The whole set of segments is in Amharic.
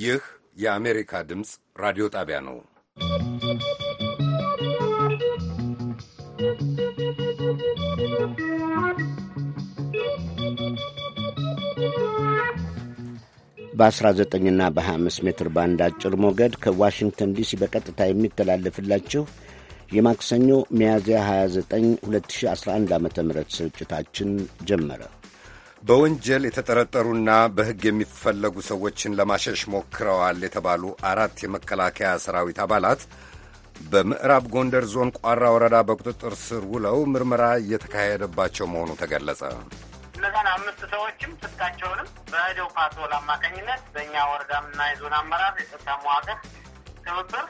ይህ የአሜሪካ ድምፅ ራዲዮ ጣቢያ ነው። በ19ና በ25 ሜትር ባንድ አጭር ሞገድ ከዋሽንግተን ዲሲ በቀጥታ የሚተላለፍላችሁ የማክሰኞ ሚያዝያ 29 2011 ዓ ም ስርጭታችን ጀመረ። በወንጀል የተጠረጠሩና በሕግ የሚፈለጉ ሰዎችን ለማሸሽ ሞክረዋል የተባሉ አራት የመከላከያ ሰራዊት አባላት በምዕራብ ጎንደር ዞን ቋራ ወረዳ በቁጥጥር ስር ውለው ምርመራ እየተካሄደባቸው መሆኑ ተገለጸ። እነዛን አምስት ሰዎችም ስልካቸውንም በሄደው ፓትሮል አማካኝነት በእኛ ወረዳምና የዞን አመራር የጸጥታ መዋቅር ትብብር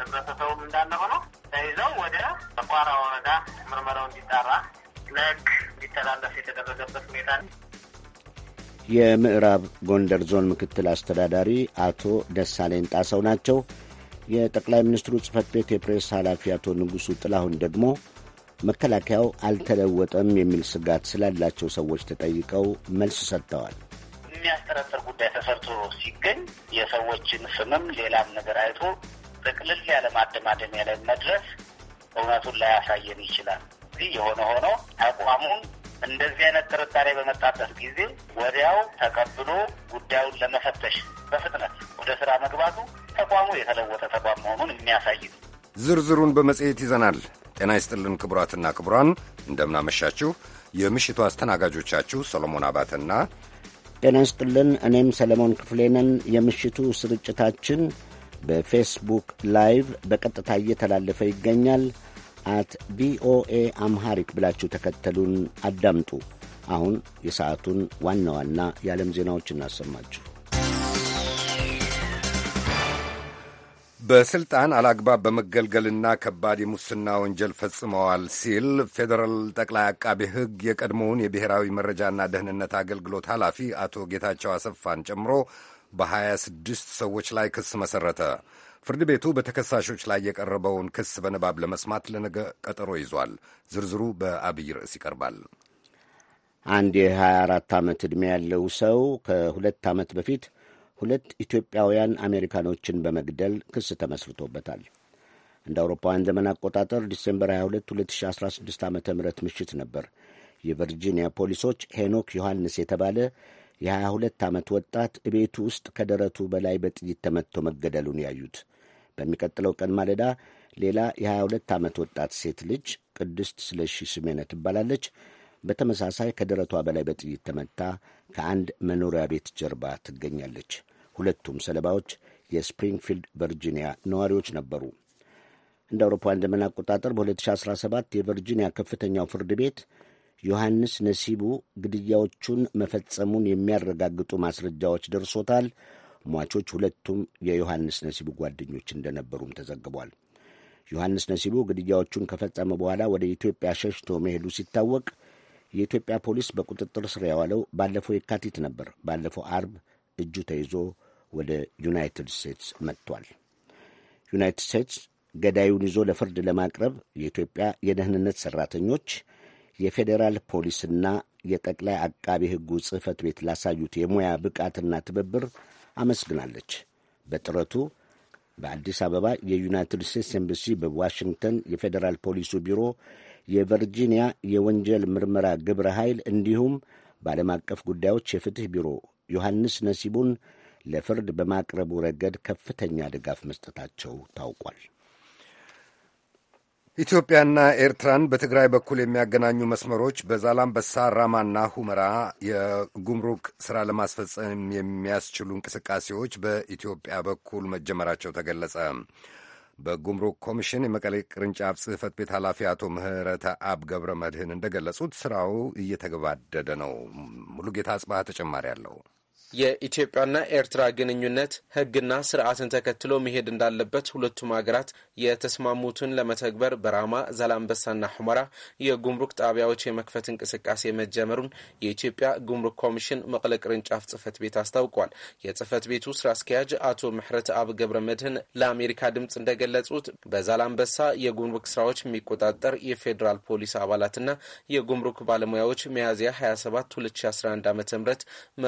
ህብረተሰቡም እንዳለ ሆኖ ተይዘው ወደ ተቋራ ወረዳ ምርመራው እንዲጣራ ለህግ እንዲተላለፍ የተደረገበት ሁኔታ የምዕራብ ጎንደር ዞን ምክትል አስተዳዳሪ አቶ ደሳለኝ ጣሰው ናቸው። የጠቅላይ ሚኒስትሩ ጽህፈት ቤት የፕሬስ ኃላፊ አቶ ንጉሡ ጥላሁን ደግሞ መከላከያው አልተለወጠም የሚል ስጋት ስላላቸው ሰዎች ተጠይቀው መልስ ሰጥተዋል። የሚያስጠረጥር ጉዳይ ተሰርቶ ሲገኝ የሰዎችን ስምም ሌላም ነገር አይቶ ጥቅልል ያለ ማደማደሚያ ላይ መድረስ እውነቱን ላያሳየን ይችላል። የሆነ ሆኖ አቋሙን እንደዚህ አይነት ጥርጣሬ በመጣበት ጊዜ ወዲያው ተቀብሎ ጉዳዩን ለመፈተሽ በፍጥነት ወደ ስራ መግባቱ ተቋሙ የተለወጠ ተቋም መሆኑን የሚያሳይ ነው። ዝርዝሩን በመጽሔት ይዘናል። ጤና ይስጥልን ክቡራትና ክቡራን፣ እንደምናመሻችሁ። የምሽቱ አስተናጋጆቻችሁ ሰሎሞን አባተና ጤና ይስጥልን፣ እኔም ሰለሞን ክፍሌ ነን። የምሽቱ ስርጭታችን በፌስቡክ ላይቭ በቀጥታ እየተላለፈ ይገኛል። አት ቪኦኤ አምሃሪክ ብላችሁ ተከተሉን፣ አዳምጡ። አሁን የሰዓቱን ዋና ዋና የዓለም ዜናዎች እናሰማችሁ። በስልጣን አላግባብ በመገልገልና ከባድ የሙስና ወንጀል ፈጽመዋል ሲል ፌዴራል ጠቅላይ አቃቤ ሕግ የቀድሞውን የብሔራዊ መረጃና ደህንነት አገልግሎት ኃላፊ አቶ ጌታቸው አሰፋን ጨምሮ በ26 ሰዎች ላይ ክስ መሠረተ። ፍርድ ቤቱ በተከሳሾች ላይ የቀረበውን ክስ በንባብ ለመስማት ለነገ ቀጠሮ ይዟል። ዝርዝሩ በአብይ ርዕስ ይቀርባል። አንድ የ24 ዓመት ዕድሜ ያለው ሰው ከሁለት ዓመት በፊት ሁለት ኢትዮጵያውያን አሜሪካኖችን በመግደል ክስ ተመስርቶበታል። እንደ አውሮፓውያን ዘመን አቆጣጠር ዲሴምበር 22 2016 ዓ ም ምሽት ነበር የቨርጂኒያ ፖሊሶች ሄኖክ ዮሐንስ የተባለ የ22 ዓመት ወጣት ቤቱ ውስጥ ከደረቱ በላይ በጥይት ተመትቶ መገደሉን ያዩት። በሚቀጥለው ቀን ማለዳ ሌላ የ22 ዓመት ወጣት ሴት ልጅ ቅድስት ስለሺ ስሜነ ትባላለች። በተመሳሳይ ከደረቷ በላይ በጥይት ተመታ ከአንድ መኖሪያ ቤት ጀርባ ትገኛለች። ሁለቱም ሰለባዎች የስፕሪንግፊልድ ቨርጂኒያ ነዋሪዎች ነበሩ። እንደ አውሮፓውያን ዘመን አቆጣጠር በ2017 የቨርጂኒያ ከፍተኛው ፍርድ ቤት ዮሐንስ ነሲቡ ግድያዎቹን መፈጸሙን የሚያረጋግጡ ማስረጃዎች ደርሶታል። ሟቾች ሁለቱም የዮሐንስ ነሲቡ ጓደኞች እንደነበሩም ተዘግቧል። ዮሐንስ ነሲቡ ግድያዎቹን ከፈጸመ በኋላ ወደ ኢትዮጵያ ሸሽቶ መሄዱ ሲታወቅ የኢትዮጵያ ፖሊስ በቁጥጥር ስር ያዋለው ባለፈው የካቲት ነበር። ባለፈው አርብ እጁ ተይዞ ወደ ዩናይትድ ስቴትስ መጥቷል። ዩናይትድ ስቴትስ ገዳዩን ይዞ ለፍርድ ለማቅረብ የኢትዮጵያ የደህንነት ሠራተኞች የፌዴራል ፖሊስና የጠቅላይ አቃቢ ሕጉ ጽሕፈት ቤት ላሳዩት የሙያ ብቃትና ትብብር አመስግናለች። በጥረቱ በአዲስ አበባ የዩናይትድ ስቴትስ ኤምባሲ፣ በዋሽንግተን የፌዴራል ፖሊሱ ቢሮ፣ የቨርጂኒያ የወንጀል ምርመራ ግብረ ኃይል እንዲሁም በዓለም አቀፍ ጉዳዮች የፍትሕ ቢሮ ዮሐንስ ነሲቡን ለፍርድ በማቅረቡ ረገድ ከፍተኛ ድጋፍ መስጠታቸው ታውቋል። ኢትዮጵያና ኤርትራን በትግራይ በኩል የሚያገናኙ መስመሮች በዛላምበሳ፣ ራማና ሁመራ የጉምሩክ ስራ ለማስፈጸም የሚያስችሉ እንቅስቃሴዎች በኢትዮጵያ በኩል መጀመራቸው ተገለጸ። በጉምሩክ ኮሚሽን የመቀሌ ቅርንጫፍ ጽህፈት ቤት ኃላፊ አቶ ምህረተ አብ ገብረ መድህን እንደገለጹት ስራው እየተገባደደ ነው። ሙሉጌታ አጽባህ ተጨማሪ አለው። የኢትዮጵያና ኤርትራ ግንኙነት ሕግና ስርዓትን ተከትሎ መሄድ እንዳለበት ሁለቱም ሀገራት የተስማሙትን ለመተግበር በራማ ዛላምበሳና ሑመራ የጉምሩክ ጣቢያዎች የመክፈት እንቅስቃሴ መጀመሩን የኢትዮጵያ ጉምሩክ ኮሚሽን መቀለ ቅርንጫፍ ጽህፈት ቤት አስታውቋል። የጽህፈት ቤቱ ስራ አስኪያጅ አቶ ምሕረት አብ ገብረ መድህን ለአሜሪካ ድምፅ እንደገለጹት በዛላምበሳ የጉምሩክ ስራዎች የሚቆጣጠር የፌዴራል ፖሊስ አባላትና የጉምሩክ ባለሙያዎች ሚያዝያ 27 2011 ዓ ም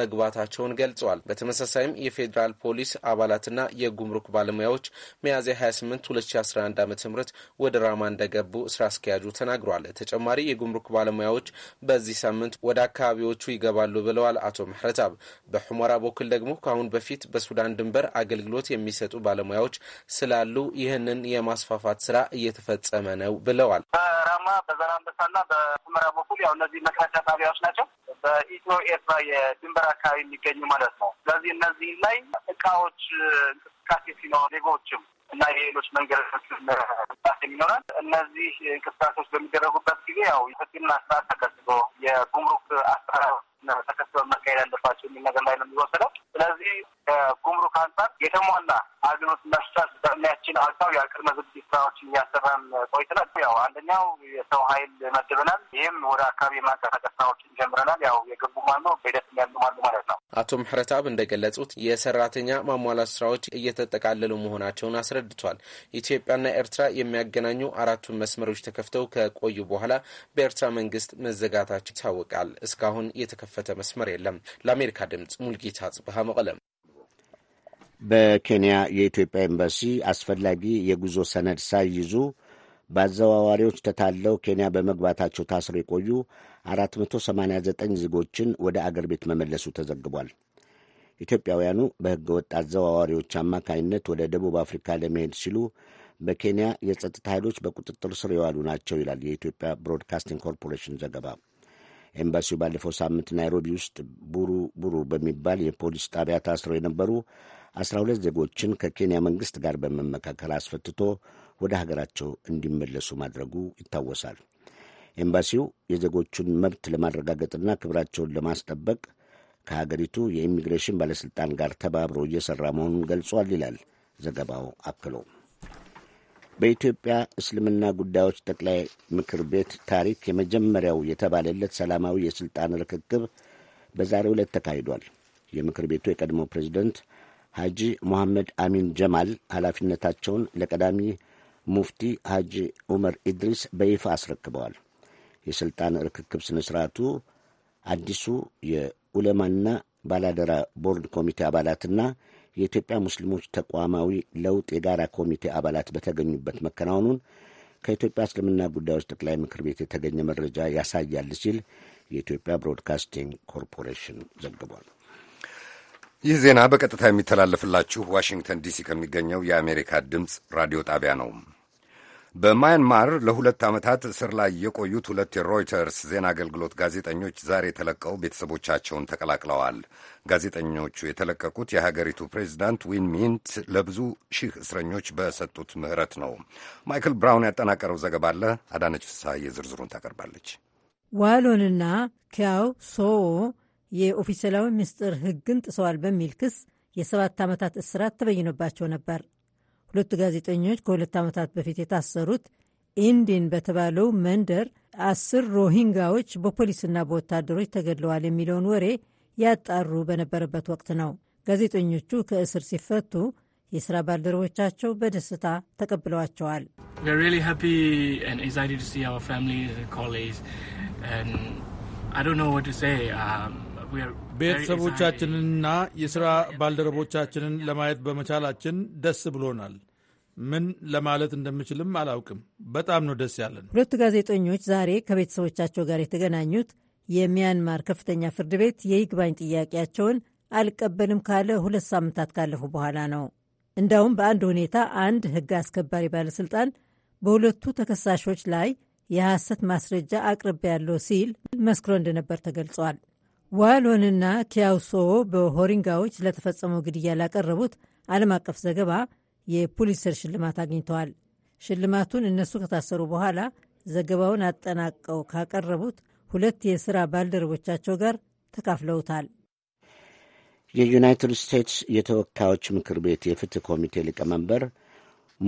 መግባታቸውን መሆኑን ገልጸዋል። በተመሳሳይም የፌዴራል ፖሊስ አባላትና የጉምሩክ ባለሙያዎች ሚያዝያ 28 2011 ዓ ም ወደ ራማ እንደገቡ ስራ አስኪያጁ ተናግሯል። ተጨማሪ የጉምሩክ ባለሙያዎች በዚህ ሳምንት ወደ አካባቢዎቹ ይገባሉ ብለዋል አቶ ምሕረታብ። በሑመራ በኩል ደግሞ ከአሁን በፊት በሱዳን ድንበር አገልግሎት የሚሰጡ ባለሙያዎች ስላሉ ይህንን የማስፋፋት ስራ እየተፈጸመ ነው ብለዋል። በራማ በዘራንበሳና በሑመራ በኩል ያው እነዚህ መክረጫ ጣቢያዎች ናቸው። በኢትዮ ኤርትራ የድንበር አካባቢ የሚገኙ ማለት ነው። ስለዚህ እነዚህ ላይ እቃዎች እንቅስቃሴ ሲኖር ዜጎችም እና የሌሎች መንገዶች እንቅስቃሴ ይኖራል። እነዚህ እንቅስቃሴዎች በሚደረጉበት ጊዜ ያው የሕግና ስርዓት ተከትሎ የጉምሩክ አሰራር ተከትሎ መካሄድ አለባቸው የሚል ነገር ላይ ነው የሚወሰደው። ስለዚህ ከጉምሩክ አንጻር የተሟላ አገልግሎት መስጠት በእሚያችን አልፋው የቅድመ ዝግጅት ስራዎችን እያሰራን ቆይተናል። ያው አንደኛው የሰው ኃይል መድበናል። ይህም ወደ አካባቢ የማንቀሳቀስ ስራዎችን ጀምረናል። ያው የገቡ ማሉ በሂደት ያሉ ማሉ ማለት ነው። አቶ ምህረታብ እንደገለጹት የሰራተኛ ማሟላት ስራዎች እየተጠቃለሉ መሆናቸውን አስረድቷል። ኢትዮጵያና ኤርትራ የሚያገናኙ አራቱን መስመሮች ተከፍተው ከቆዩ በኋላ በኤርትራ መንግስት መዘጋታቸው ይታወቃል። እስካሁን የተከፈተ መስመር የለም። ለአሜሪካ ድምጽ ሙልጌታ ጽብሃ መቀለም በኬንያ የኢትዮጵያ ኤምባሲ አስፈላጊ የጉዞ ሰነድ ሳይይዙ በአዘዋዋሪዎች ተታለው ኬንያ በመግባታቸው ታስሮ የቆዩ 489 ዜጎችን ወደ አገር ቤት መመለሱ ተዘግቧል። ኢትዮጵያውያኑ በሕገ ወጥ አዘዋዋሪዎች አማካኝነት ወደ ደቡብ አፍሪካ ለመሄድ ሲሉ በኬንያ የጸጥታ ኃይሎች በቁጥጥር ስር የዋሉ ናቸው ይላል የኢትዮጵያ ብሮድካስቲንግ ኮርፖሬሽን ዘገባ። ኤምባሲው ባለፈው ሳምንት ናይሮቢ ውስጥ ቡሩ ቡሩ በሚባል የፖሊስ ጣቢያ ታስረው የነበሩ አስራ ሁለት ዜጎችን ከኬንያ መንግሥት ጋር በመመካከል አስፈትቶ ወደ ሀገራቸው እንዲመለሱ ማድረጉ ይታወሳል። ኤምባሲው የዜጎቹን መብት ለማረጋገጥና ክብራቸውን ለማስጠበቅ ከሀገሪቱ የኢሚግሬሽን ባለሥልጣን ጋር ተባብሮ እየሠራ መሆኑን ገልጿል ይላል ዘገባው አክሎ። በኢትዮጵያ እስልምና ጉዳዮች ጠቅላይ ምክር ቤት ታሪክ የመጀመሪያው የተባለለት ሰላማዊ የሥልጣን ርክክብ በዛሬ ዕለት ተካሂዷል። የምክር ቤቱ የቀድሞ ፕሬዚደንት ሐጂ ሙሐመድ አሚን ጀማል ኃላፊነታቸውን ለቀዳሚ ሙፍቲ ሐጂ ዑመር ኢድሪስ በይፋ አስረክበዋል። የሥልጣን ርክክብ ሥነ ሥርዓቱ አዲሱ የኡለማና ባላደራ ቦርድ ኮሚቴ አባላትና የኢትዮጵያ ሙስሊሞች ተቋማዊ ለውጥ የጋራ ኮሚቴ አባላት በተገኙበት መከናወኑን ከኢትዮጵያ እስልምና ጉዳዮች ጠቅላይ ምክር ቤት የተገኘ መረጃ ያሳያል ሲል የኢትዮጵያ ብሮድካስቲንግ ኮርፖሬሽን ዘግቧል። ይህ ዜና በቀጥታ የሚተላለፍላችሁ ዋሽንግተን ዲሲ ከሚገኘው የአሜሪካ ድምፅ ራዲዮ ጣቢያ ነው። በማያንማር ለሁለት ዓመታት እስር ላይ የቆዩት ሁለት የሮይተርስ ዜና አገልግሎት ጋዜጠኞች ዛሬ ተለቀው ቤተሰቦቻቸውን ተቀላቅለዋል። ጋዜጠኞቹ የተለቀቁት የሀገሪቱ ፕሬዚዳንት ዊን ሚንት ለብዙ ሺህ እስረኞች በሰጡት ምህረት ነው። ማይክል ብራውን ያጠናቀረው ዘገባ አለ። አዳነች ፍስሐ የዝርዝሩን ታቀርባለች። ዋሎንና ኪያው ሶዎ የኦፊሴላዊ ምስጢር ሕግን ጥሰዋል በሚል ክስ የሰባት ዓመታት እስራት ተበይኖባቸው ነበር። ሁለቱ ጋዜጠኞች ከሁለት ዓመታት በፊት የታሰሩት ኢንዲን በተባለው መንደር አስር ሮሂንጋዎች በፖሊስና በወታደሮች ተገድለዋል የሚለውን ወሬ ያጣሩ በነበረበት ወቅት ነው። ጋዜጠኞቹ ከእስር ሲፈቱ የሥራ ባልደረቦቻቸው በደስታ ተቀብለዋቸዋል። ቤተሰቦቻችንንና የሥራ ባልደረቦቻችንን ለማየት በመቻላችን ደስ ብሎናል። ምን ለማለት እንደምችልም አላውቅም። በጣም ነው ደስ ያለን። ሁለቱ ጋዜጠኞች ዛሬ ከቤተሰቦቻቸው ጋር የተገናኙት የሚያንማር ከፍተኛ ፍርድ ቤት የይግባኝ ጥያቄያቸውን አልቀበልም ካለ ሁለት ሳምንታት ካለፉ በኋላ ነው። እንዳውም በአንድ ሁኔታ አንድ ሕግ አስከባሪ ባለሥልጣን በሁለቱ ተከሳሾች ላይ የሐሰት ማስረጃ አቅርቤ ያለው ሲል መስክሮ እንደነበር ተገልጿል። ዋሎንና ቲያውሶ በሆሪንጋዎች ለተፈጸመው ግድያ ላቀረቡት ዓለም አቀፍ ዘገባ የፑሊትሰር ሽልማት አግኝተዋል። ሽልማቱን እነሱ ከታሰሩ በኋላ ዘገባውን አጠናቀው ካቀረቡት ሁለት የሥራ ባልደረቦቻቸው ጋር ተካፍለውታል። የዩናይትድ ስቴትስ የተወካዮች ምክር ቤት የፍትህ ኮሚቴ ሊቀመንበር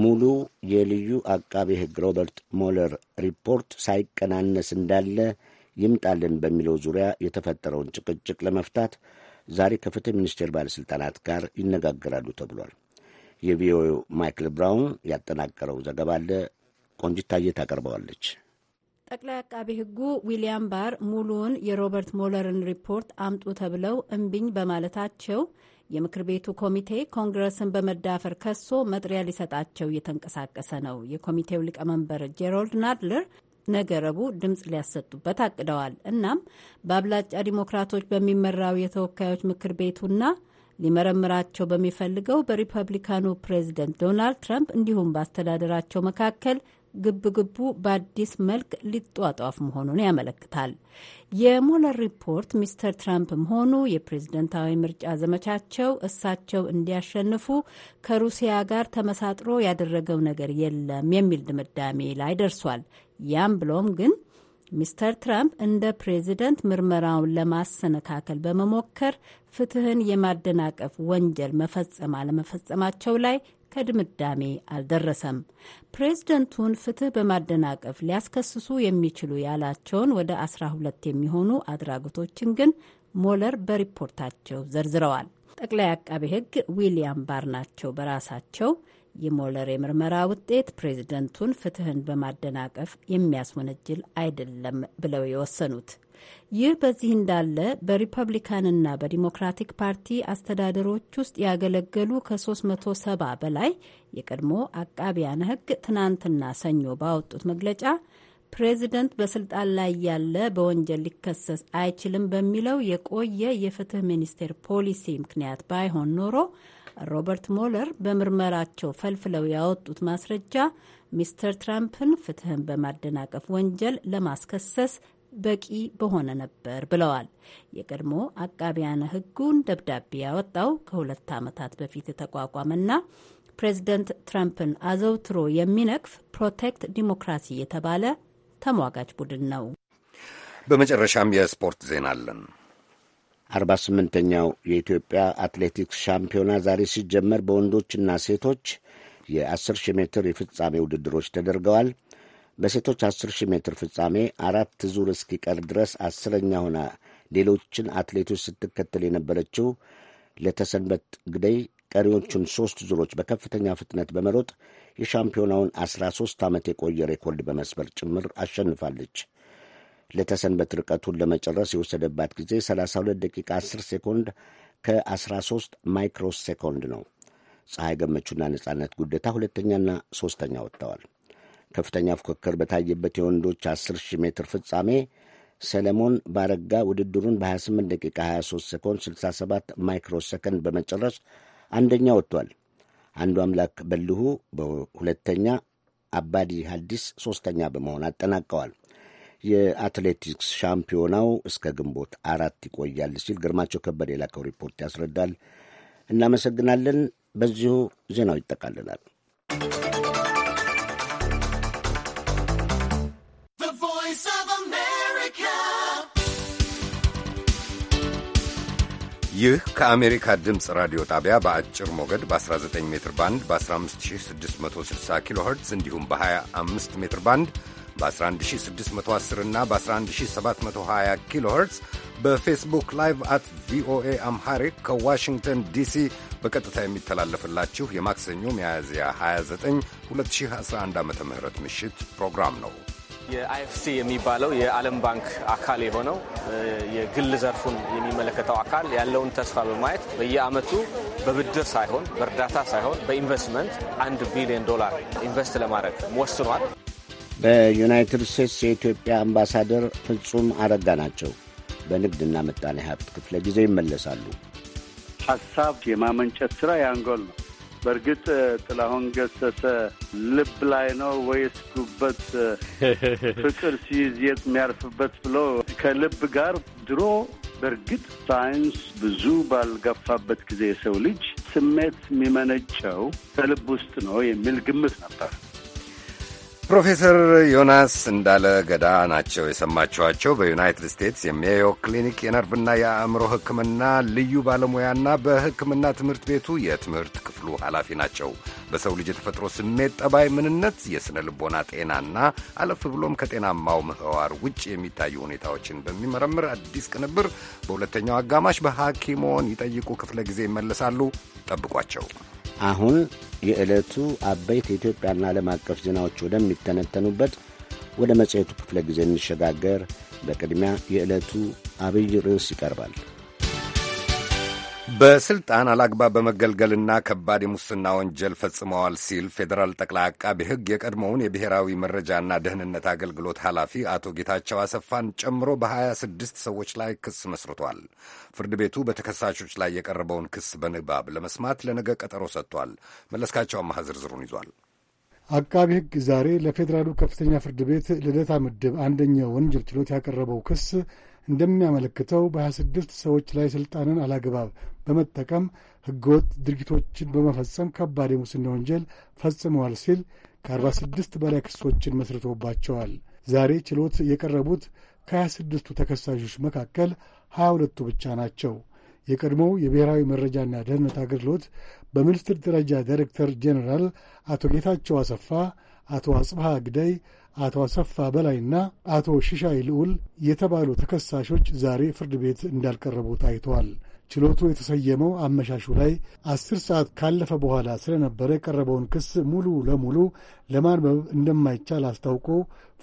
ሙሉ የልዩ አቃቤ ሕግ ሮበርት ሞለር ሪፖርት ሳይቀናነስ እንዳለ ይምጣልን በሚለው ዙሪያ የተፈጠረውን ጭቅጭቅ ለመፍታት ዛሬ ከፍትህ ሚኒስቴር ባለሥልጣናት ጋር ይነጋገራሉ ተብሏል። የቪኦኤው ማይክል ብራውን ያጠናቀረው ዘገባ አለ። ቆንጅታየት አቀርበዋለች። ጠቅላይ አቃቤ ሕጉ ዊሊያም ባር ሙሉውን የሮበርት ሞለርን ሪፖርት አምጡ ተብለው እምቢኝ በማለታቸው የምክር ቤቱ ኮሚቴ ኮንግረስን በመዳፈር ከሶ መጥሪያ ሊሰጣቸው እየተንቀሳቀሰ ነው። የኮሚቴው ሊቀመንበር ጄሮልድ ናድለር ነገ ረቡዕ ድምፅ ሊያሰጡበት አቅደዋል። እናም በአብላጫ ዲሞክራቶች በሚመራው የተወካዮች ምክር ቤቱና ሊመረምራቸው በሚፈልገው በሪፐብሊካኑ ፕሬዚደንት ዶናልድ ትራምፕ እንዲሁም በአስተዳደራቸው መካከል ግብግቡ በአዲስ መልክ ሊጧጧፍ መሆኑን ያመለክታል። የሞለር ሪፖርት ሚስተር ትራምፕም ሆኑ የፕሬዝደንታዊ ምርጫ ዘመቻቸው እሳቸው እንዲያሸንፉ ከሩሲያ ጋር ተመሳጥሮ ያደረገው ነገር የለም የሚል ድምዳሜ ላይ ደርሷል። ያም ብሎም ግን ሚስተር ትራምፕ እንደ ፕሬዚደንት ምርመራውን ለማሰነካከል በመሞከር ፍትህን የማደናቀፍ ወንጀል መፈጸም አለመፈጸማቸው ላይ ከድምዳሜ አልደረሰም። ፕሬዝደንቱን ፍትህ በማደናቀፍ ሊያስከስሱ የሚችሉ ያላቸውን ወደ 12 የሚሆኑ አድራጎቶችን ግን ሞለር በሪፖርታቸው ዘርዝረዋል። ጠቅላይ አቃቤ ሕግ ዊሊያም ባር ናቸው በራሳቸው የሞለር የምርመራ ውጤት ፕሬዝደንቱን ፍትህን በማደናቀፍ የሚያስወነጅል አይደለም ብለው የወሰኑት። ይህ በዚህ እንዳለ በሪፐብሊካንና በዲሞክራቲክ ፓርቲ አስተዳደሮች ውስጥ ያገለገሉ ከ370 በላይ የቀድሞ አቃቢያን ሕግ ትናንትና ሰኞ ባወጡት መግለጫ ፕሬዚደንት በስልጣን ላይ ያለ በወንጀል ሊከሰስ አይችልም በሚለው የቆየ የፍትህ ሚኒስቴር ፖሊሲ ምክንያት ባይሆን ኖሮ ሮበርት ሞለር በምርመራቸው ፈልፍለው ያወጡት ማስረጃ ሚስተር ትራምፕን ፍትህን በማደናቀፍ ወንጀል ለማስከሰስ በቂ በሆነ ነበር ብለዋል። የቀድሞ አቃቢያነ ህጉን ደብዳቤ ያወጣው ከሁለት ዓመታት በፊት የተቋቋመና ፕሬዚደንት ትራምፕን አዘውትሮ የሚነቅፍ ፕሮቴክት ዲሞክራሲ የተባለ ተሟጋች ቡድን ነው። በመጨረሻም የስፖርት ዜና አለን። አርባ ስምንተኛው የኢትዮጵያ አትሌቲክስ ሻምፒዮና ዛሬ ሲጀመር በወንዶችና ሴቶች የአስር ሺህ ሜትር የፍጻሜ ውድድሮች ተደርገዋል። በሴቶች አስር ሺህ ሜትር ፍጻሜ አራት ዙር እስኪቀር ድረስ አስረኛ ሆና ሌሎችን አትሌቶች ስትከተል የነበረችው ለተሰንበት ግደይ ቀሪዎቹን ሦስት ዙሮች በከፍተኛ ፍጥነት በመሮጥ የሻምፒዮናውን አስራ ሦስት ዓመት የቆየ ሬኮርድ በመስበር ጭምር አሸንፋለች። ለተሰንበት ርቀቱን ለመጨረስ የወሰደባት ጊዜ 32 ደቂቃ 10 ሴኮንድ ከ13 ማይክሮ ሴኮንድ ነው። ፀሐይ ገመቹና ነጻነት ጉደታ ሁለተኛና ሦስተኛ ወጥተዋል። ከፍተኛ ፉክክር በታየበት የወንዶች 10 ሺህ ሜትር ፍጻሜ ሰለሞን ባረጋ ውድድሩን በ28 ደቂቃ 23 ሴኮንድ 67 ማይክሮ ሴኮንድ በመጨረስ አንደኛ ወጥቷል። አንዱ አምላክ በልሁ በሁለተኛ፣ አባዲ ሀዲስ ሦስተኛ በመሆን አጠናቀዋል። የአትሌቲክስ ሻምፒዮናው እስከ ግንቦት አራት ይቆያል ሲል ግርማቸው ከበደ የላከው ሪፖርት ያስረዳል። እናመሰግናለን። በዚሁ ዜናው ይጠቃልላል። ይህ ከአሜሪካ ድምፅ ራዲዮ ጣቢያ በአጭር ሞገድ በ19 ሜትር ባንድ በ15660 ኪሎ ኸርትዝ እንዲሁም በ25 ሜትር ባንድ በ11610 እና በ11720 ኪሎ ኸርትዝ በፌስቡክ ላይቭ አት ቪኦኤ አምሃሪክ ከዋሽንግተን ዲሲ በቀጥታ የሚተላለፍላችሁ የማክሰኞ ሚያዝያ 29 2011 ዓ ም ምሽት ፕሮግራም ነው። የአይኤፍሲ የሚባለው የዓለም ባንክ አካል የሆነው የግል ዘርፉን የሚመለከተው አካል ያለውን ተስፋ በማየት በየዓመቱ በብድር ሳይሆን በእርዳታ ሳይሆን በኢንቨስትመንት አንድ ቢሊዮን ዶላር ኢንቨስት ለማድረግ ወስኗል። በዩናይትድ ስቴትስ የኢትዮጵያ አምባሳደር ፍጹም አረጋ ናቸው። በንግድና ምጣኔ ሀብት ክፍለ ጊዜ ይመለሳሉ። ሀሳብ የማመንጨት ስራ የአንጎል ነው። በእርግጥ ጥላሁን ገሰሰ ልብ ላይ ነው ወይስ ጉበት ፍቅር ሲይዝ የት የሚያርፍበት ብሎ ከልብ ጋር ድሮ በእርግጥ ሳይንስ ብዙ ባልገፋበት ጊዜ የሰው ልጅ ስሜት የሚመነጨው ከልብ ውስጥ ነው የሚል ግምት ነበር። ፕሮፌሰር ዮናስ እንዳለ ገዳ ናቸው የሰማችኋቸው። በዩናይትድ ስቴትስ የሜዮ ክሊኒክ የነርቭና የአእምሮ ሕክምና ልዩ ባለሙያና በሕክምና ትምህርት ቤቱ የትምህርት ክፍሉ ኃላፊ ናቸው። በሰው ልጅ የተፈጥሮ ስሜት ጠባይ፣ ምንነት፣ የሥነ ልቦና ጤናና አለፍ ብሎም ከጤናማው ምህዋር ውጭ የሚታዩ ሁኔታዎችን በሚመረምር አዲስ ቅንብር በሁለተኛው አጋማሽ በሐኪሞን ይጠይቁ ክፍለ ጊዜ ይመለሳሉ። ጠብቋቸው። አሁን የዕለቱ አበይት የኢትዮጵያና ዓለም አቀፍ ዜናዎች ወደሚተነተኑበት ወደ መጽሔቱ ክፍለ ጊዜ እንሸጋገር። በቅድሚያ የዕለቱ አብይ ርዕስ ይቀርባል። በስልጣን አላግባብ በመገልገልና ከባድ የሙስና ወንጀል ፈጽመዋል ሲል ፌዴራል ጠቅላይ አቃቢ ሕግ የቀድሞውን የብሔራዊ መረጃና ደህንነት አገልግሎት ኃላፊ አቶ ጌታቸው አሰፋን ጨምሮ በ26 ሰዎች ላይ ክስ መስርቷል። ፍርድ ቤቱ በተከሳሾች ላይ የቀረበውን ክስ በንባብ ለመስማት ለነገ ቀጠሮ ሰጥቷል። መለስካቸው አማሃ ዝርዝሩን ይዟል። አቃቢ ሕግ ዛሬ ለፌዴራሉ ከፍተኛ ፍርድ ቤት ልደታ ምድብ አንደኛው ወንጀል ችሎት ያቀረበው ክስ እንደሚያመለክተው በ26 ሰዎች ላይ ሥልጣንን አላግባብ በመጠቀም ሕገወጥ ድርጊቶችን በመፈጸም ከባድ የሙስና ወንጀል ፈጽመዋል ሲል ከ46 በላይ ክሶችን መስርቶባቸዋል። ዛሬ ችሎት የቀረቡት ከ26ቱ ተከሳሾች መካከል 22ቱ ብቻ ናቸው። የቀድሞው የብሔራዊ መረጃና ደህንነት አገልግሎት በሚኒስትር ደረጃ ዳይሬክተር ጄኔራል አቶ ጌታቸው አሰፋ፣ አቶ አጽብሃ ግዳይ አቶ አሰፋ በላይና አቶ ሽሻይ ልዑል የተባሉ ተከሳሾች ዛሬ ፍርድ ቤት እንዳልቀረቡ ታይተዋል። ችሎቱ የተሰየመው አመሻሹ ላይ አስር ሰዓት ካለፈ በኋላ ስለነበረ የቀረበውን ክስ ሙሉ ለሙሉ ለማንበብ እንደማይቻል አስታውቆ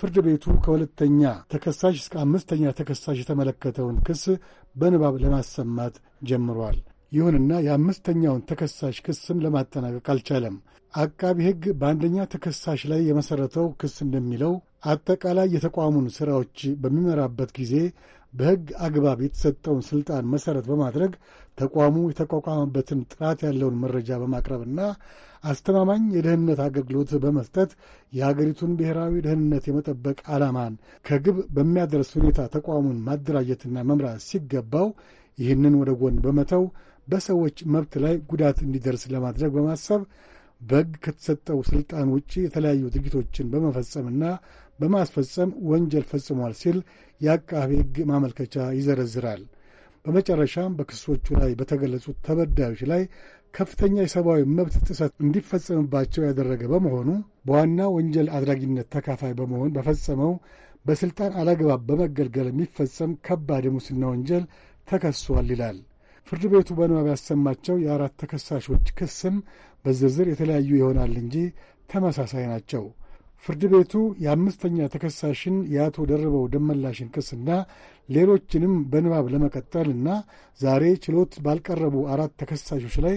ፍርድ ቤቱ ከሁለተኛ ተከሳሽ እስከ አምስተኛ ተከሳሽ የተመለከተውን ክስ በንባብ ለማሰማት ጀምሯል። ይሁንና የአምስተኛውን ተከሳሽ ክስም ለማጠናቀቅ አልቻለም። አቃቢ ሕግ በአንደኛ ተከሳሽ ላይ የመሠረተው ክስ እንደሚለው አጠቃላይ የተቋሙን ሥራዎች በሚመራበት ጊዜ በሕግ አግባብ የተሰጠውን ሥልጣን መሠረት በማድረግ ተቋሙ የተቋቋመበትን ጥራት ያለውን መረጃ በማቅረብና አስተማማኝ የደህንነት አገልግሎት በመስጠት የአገሪቱን ብሔራዊ ደህንነት የመጠበቅ ዓላማን ከግብ በሚያደርስ ሁኔታ ተቋሙን ማደራጀትና መምራት ሲገባው ይህንን ወደ ጎን በመተው በሰዎች መብት ላይ ጉዳት እንዲደርስ ለማድረግ በማሰብ በሕግ ከተሰጠው ሥልጣን ውጪ የተለያዩ ድርጊቶችን በመፈጸምና በማስፈጸም ወንጀል ፈጽሟል ሲል የአቃቢ ሕግ ማመልከቻ ይዘረዝራል። በመጨረሻም በክሶቹ ላይ በተገለጹት ተበዳዮች ላይ ከፍተኛ የሰብአዊ መብት ጥሰት እንዲፈጸምባቸው ያደረገ በመሆኑ በዋና ወንጀል አድራጊነት ተካፋይ በመሆን በፈጸመው በሥልጣን አላግባብ በመገልገል የሚፈጸም ከባድ የሙስና ወንጀል ተከሷል ይላል። ፍርድ ቤቱ በንባብ ያሰማቸው የአራት ተከሳሾች ክስም በዝርዝር የተለያዩ ይሆናል እንጂ ተመሳሳይ ናቸው። ፍርድ ቤቱ የአምስተኛ ተከሳሽን የአቶ ደርበው ደመላሽን ክስና ሌሎችንም በንባብ እና ዛሬ ችሎት ባልቀረቡ አራት ተከሳሾች ላይ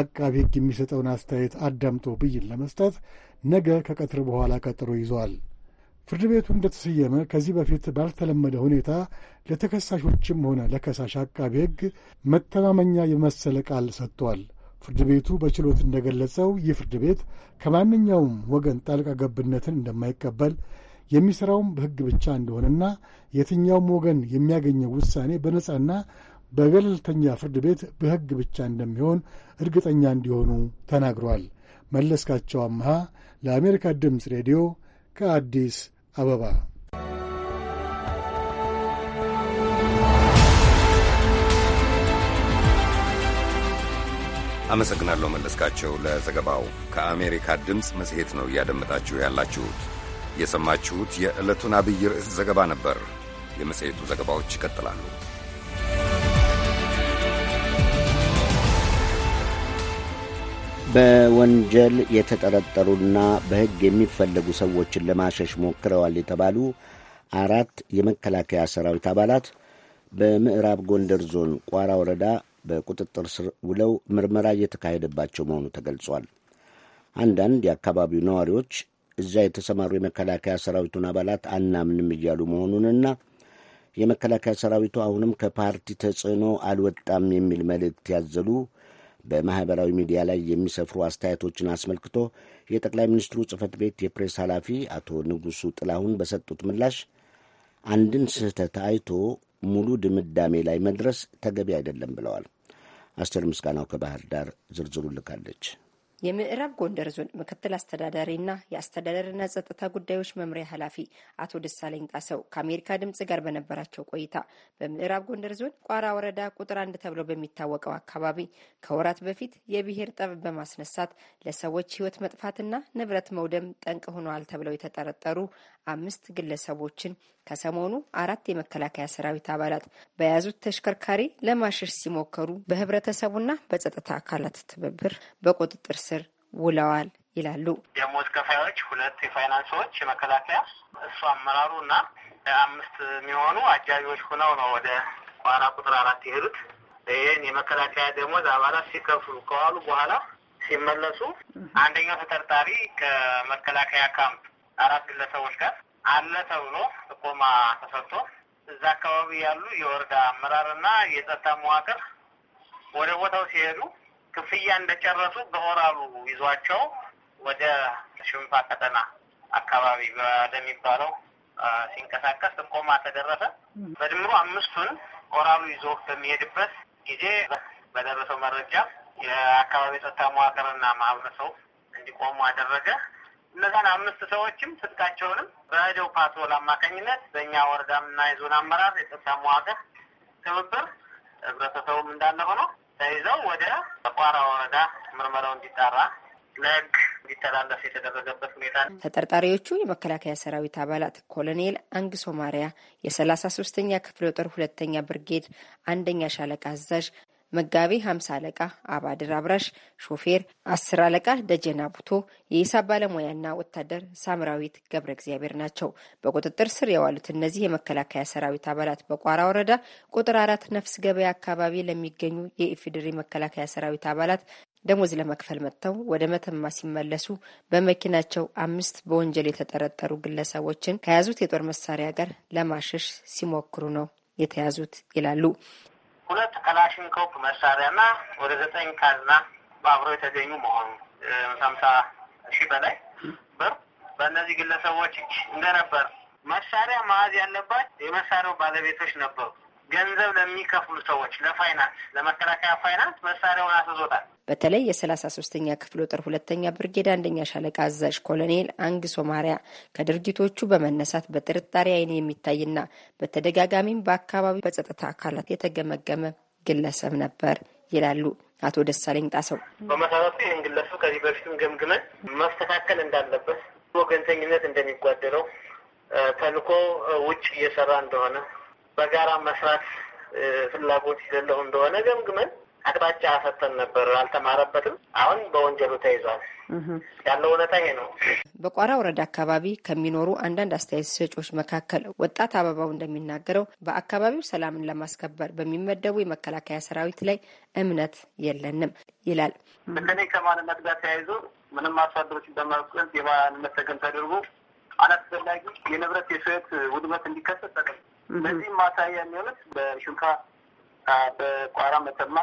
አቃቢ ሕግ የሚሰጠውን አስተያየት አዳምጦ ብይን ለመስጠት ነገ ከቀትር በኋላ ቀጠሮ ይዘዋል። ፍርድ ቤቱ እንደተሰየመ ከዚህ በፊት ባልተለመደ ሁኔታ ለተከሳሾችም ሆነ ለከሳሽ አቃቢ ሕግ መተማመኛ የመሰለ ቃል ሰጥቷል። ፍርድ ቤቱ በችሎት እንደገለጸው ይህ ፍርድ ቤት ከማንኛውም ወገን ጣልቃ ገብነትን እንደማይቀበል የሚሠራውም በሕግ ብቻ እንደሆነና የትኛውም ወገን የሚያገኘው ውሳኔ በነጻና በገለልተኛ ፍርድ ቤት በሕግ ብቻ እንደሚሆን እርግጠኛ እንዲሆኑ ተናግሯል። መለስካቸው አምሃ ለአሜሪካ ድምፅ ሬዲዮ ከአዲስ አበባ። አመሰግናለሁ መለስካቸው ለዘገባው። ከአሜሪካ ድምፅ መጽሔት ነው እያደመጣችሁ ያላችሁት። የሰማችሁት የዕለቱን አብይ ርዕስ ዘገባ ነበር። የመጽሔቱ ዘገባዎች ይቀጥላሉ። በወንጀል የተጠረጠሩና በሕግ የሚፈለጉ ሰዎችን ለማሸሽ ሞክረዋል የተባሉ አራት የመከላከያ ሰራዊት አባላት በምዕራብ ጎንደር ዞን ቋራ ወረዳ በቁጥጥር ስር ውለው ምርመራ እየተካሄደባቸው መሆኑ ተገልጿል። አንዳንድ የአካባቢው ነዋሪዎች እዚያ የተሰማሩ የመከላከያ ሰራዊቱን አባላት አናምንም እያሉ መሆኑንና የመከላከያ ሰራዊቱ አሁንም ከፓርቲ ተጽዕኖ አልወጣም የሚል መልእክት ያዘሉ በማኅበራዊ ሚዲያ ላይ የሚሰፍሩ አስተያየቶችን አስመልክቶ የጠቅላይ ሚኒስትሩ ጽህፈት ቤት የፕሬስ ኃላፊ አቶ ንጉሱ ጥላሁን በሰጡት ምላሽ አንድን ስህተት አይቶ ሙሉ ድምዳሜ ላይ መድረስ ተገቢ አይደለም ብለዋል። አስቴር ምስጋናው ከባህር ዳር ዝርዝሩ ልካለች። የምዕራብ ጎንደር ዞን ምክትል አስተዳዳሪና የአስተዳደርና ጸጥታ ጉዳዮች መምሪያ ኃላፊ አቶ ደሳለኝ ጣሰው ከአሜሪካ ድምጽ ጋር በነበራቸው ቆይታ በምዕራብ ጎንደር ዞን ቋራ ወረዳ ቁጥር አንድ ተብሎ በሚታወቀው አካባቢ ከወራት በፊት የብሔር ጠብ በማስነሳት ለሰዎች ሕይወት መጥፋትና ንብረት መውደም ጠንቅ ሆነዋል ተብለው የተጠረጠሩ አምስት ግለሰቦችን ከሰሞኑ አራት የመከላከያ ሰራዊት አባላት በያዙት ተሽከርካሪ ለማሸሽ ሲሞከሩ በህብረተሰቡና በጸጥታ አካላት ትብብር በቁጥጥር ስር ውለዋል ይላሉ። የሞት ከፋዮች ሁለት የፋይናንሶች የመከላከያ እሱ አመራሩ እና አምስት የሚሆኑ አጃቢዎች ሆነው ነው ወደ ቋራ ቁጥር አራት የሄዱት። ይህን የመከላከያ ደሞዝ አባላት ሲከፍሉ ከዋሉ በኋላ ሲመለሱ አንደኛው ተጠርጣሪ ከመከላከያ ካምፕ አራት ግለሰቦች ጋር አለ ተብሎ ጥቆማ ተሰጥቶ እዛ አካባቢ ያሉ የወረዳ አመራርና የጸጥታ መዋቅር ወደ ቦታው ሲሄዱ ክፍያ እንደጨረሱ በኦራሉ ይዟቸው ወደ ሽንፋ ቀጠና አካባቢ ወደሚባለው ሲንቀሳቀስ ጥቆማ ተደረሰ። በድምሩ አምስቱን ኦራሉ ይዞ በሚሄድበት ጊዜ በደረሰው መረጃ የአካባቢ ጸጥታ መዋቅርና ማህበረሰቡ እንዲቆሙ አደረገ። እነዛን አምስት ሰዎችም ትጥቃቸውንም በሬዲዮ ፓትሮል አማካኝነት በእኛ ወረዳምና የዞን አመራር የጸጥታ መዋቅር ትብብር ህብረተሰቡም እንዳለ ሆኖ ተይዘው ወደ ተቋራ ወረዳ ምርመራው እንዲጣራ ለህግ እንዲተላለፍ የተደረገበት ሁኔታ ነው። ተጠርጣሪዎቹ የመከላከያ ሰራዊት አባላት ኮሎኔል አንግሶ ማሪያ የሰላሳ ሶስተኛ ክፍለ ጦር ሁለተኛ ብርጌድ አንደኛ ሻለቃ አዛዥ መጋቢ ሀምሳ አለቃ አባድር አብራሽ፣ ሾፌር አስር አለቃ ደጀና ቡቶ፣ የሂሳብ ባለሙያና ወታደር ሳምራዊት ገብረ እግዚአብሔር ናቸው። በቁጥጥር ስር የዋሉት እነዚህ የመከላከያ ሰራዊት አባላት በቋራ ወረዳ ቁጥር አራት ነፍስ ገበያ አካባቢ ለሚገኙ የኢፌዴሪ መከላከያ ሰራዊት አባላት ደሞዝ ለመክፈል መጥተው ወደ መተማ ሲመለሱ በመኪናቸው አምስት በወንጀል የተጠረጠሩ ግለሰቦችን ከያዙት የጦር መሳሪያ ጋር ለማሸሽ ሲሞክሩ ነው የተያዙት ይላሉ። ሁለት ከላሽንኮፕ መሳሪያና ወደ ዘጠኝ ካዝና በአብሮ የተገኙ መሆኑ ሀምሳ ሺህ በላይ ብር በእነዚህ ግለሰቦች እንደነበር መሳሪያ መያዝ ያለባት የመሳሪያው ባለቤቶች ነበሩ። ገንዘብ ለሚከፍሉ ሰዎች ለፋይናንስ፣ ለመከላከያ ፋይናንስ መሳሪያውን አስዞታል። በተለይ የ33ኛ ክፍል ጦር ሁለተኛ ብርጌድ አንደኛ ሻለቃ አዛዥ ኮሎኔል አንግ ሶማሪያ ከድርጊቶቹ በመነሳት በጥርጣሬ አይን የሚታይና በተደጋጋሚም በአካባቢው በጸጥታ አካላት የተገመገመ ግለሰብ ነበር ይላሉ አቶ ደሳለኝ ጣሰው። በመሰረቱ ይህን ግለሰብ ከዚህ በፊትም ገምግመን መስተካከል እንዳለበት፣ ወገንተኝነት እንደሚጓደለው፣ ተልኮ ውጭ እየሰራ እንደሆነ፣ በጋራ መስራት ፍላጎት የሌለው እንደሆነ ገምግመን አቅጣጫ ሰጥተን ነበር። አልተማረበትም። አሁን በወንጀሉ ተይዟል። ያለው እውነታ ይሄ ነው። በቋራ ወረዳ አካባቢ ከሚኖሩ አንዳንድ አስተያየት ሰጪዎች መካከል ወጣት አበባው እንደሚናገረው በአካባቢው ሰላምን ለማስከበር በሚመደቡ የመከላከያ ሰራዊት ላይ እምነት የለንም ይላል። በተለይ ከማንነት ጋር ተያይዞ ምንም አርሶ አደሮችን በማስቀረት የማንነት ተገን ተደርጎ አላስፈላጊ የንብረት የሰት ውድመት እንዲከሰት ተደርጓል። በዚህም ማሳያ የሚሆኑት በሹንካ በቋራ መተማ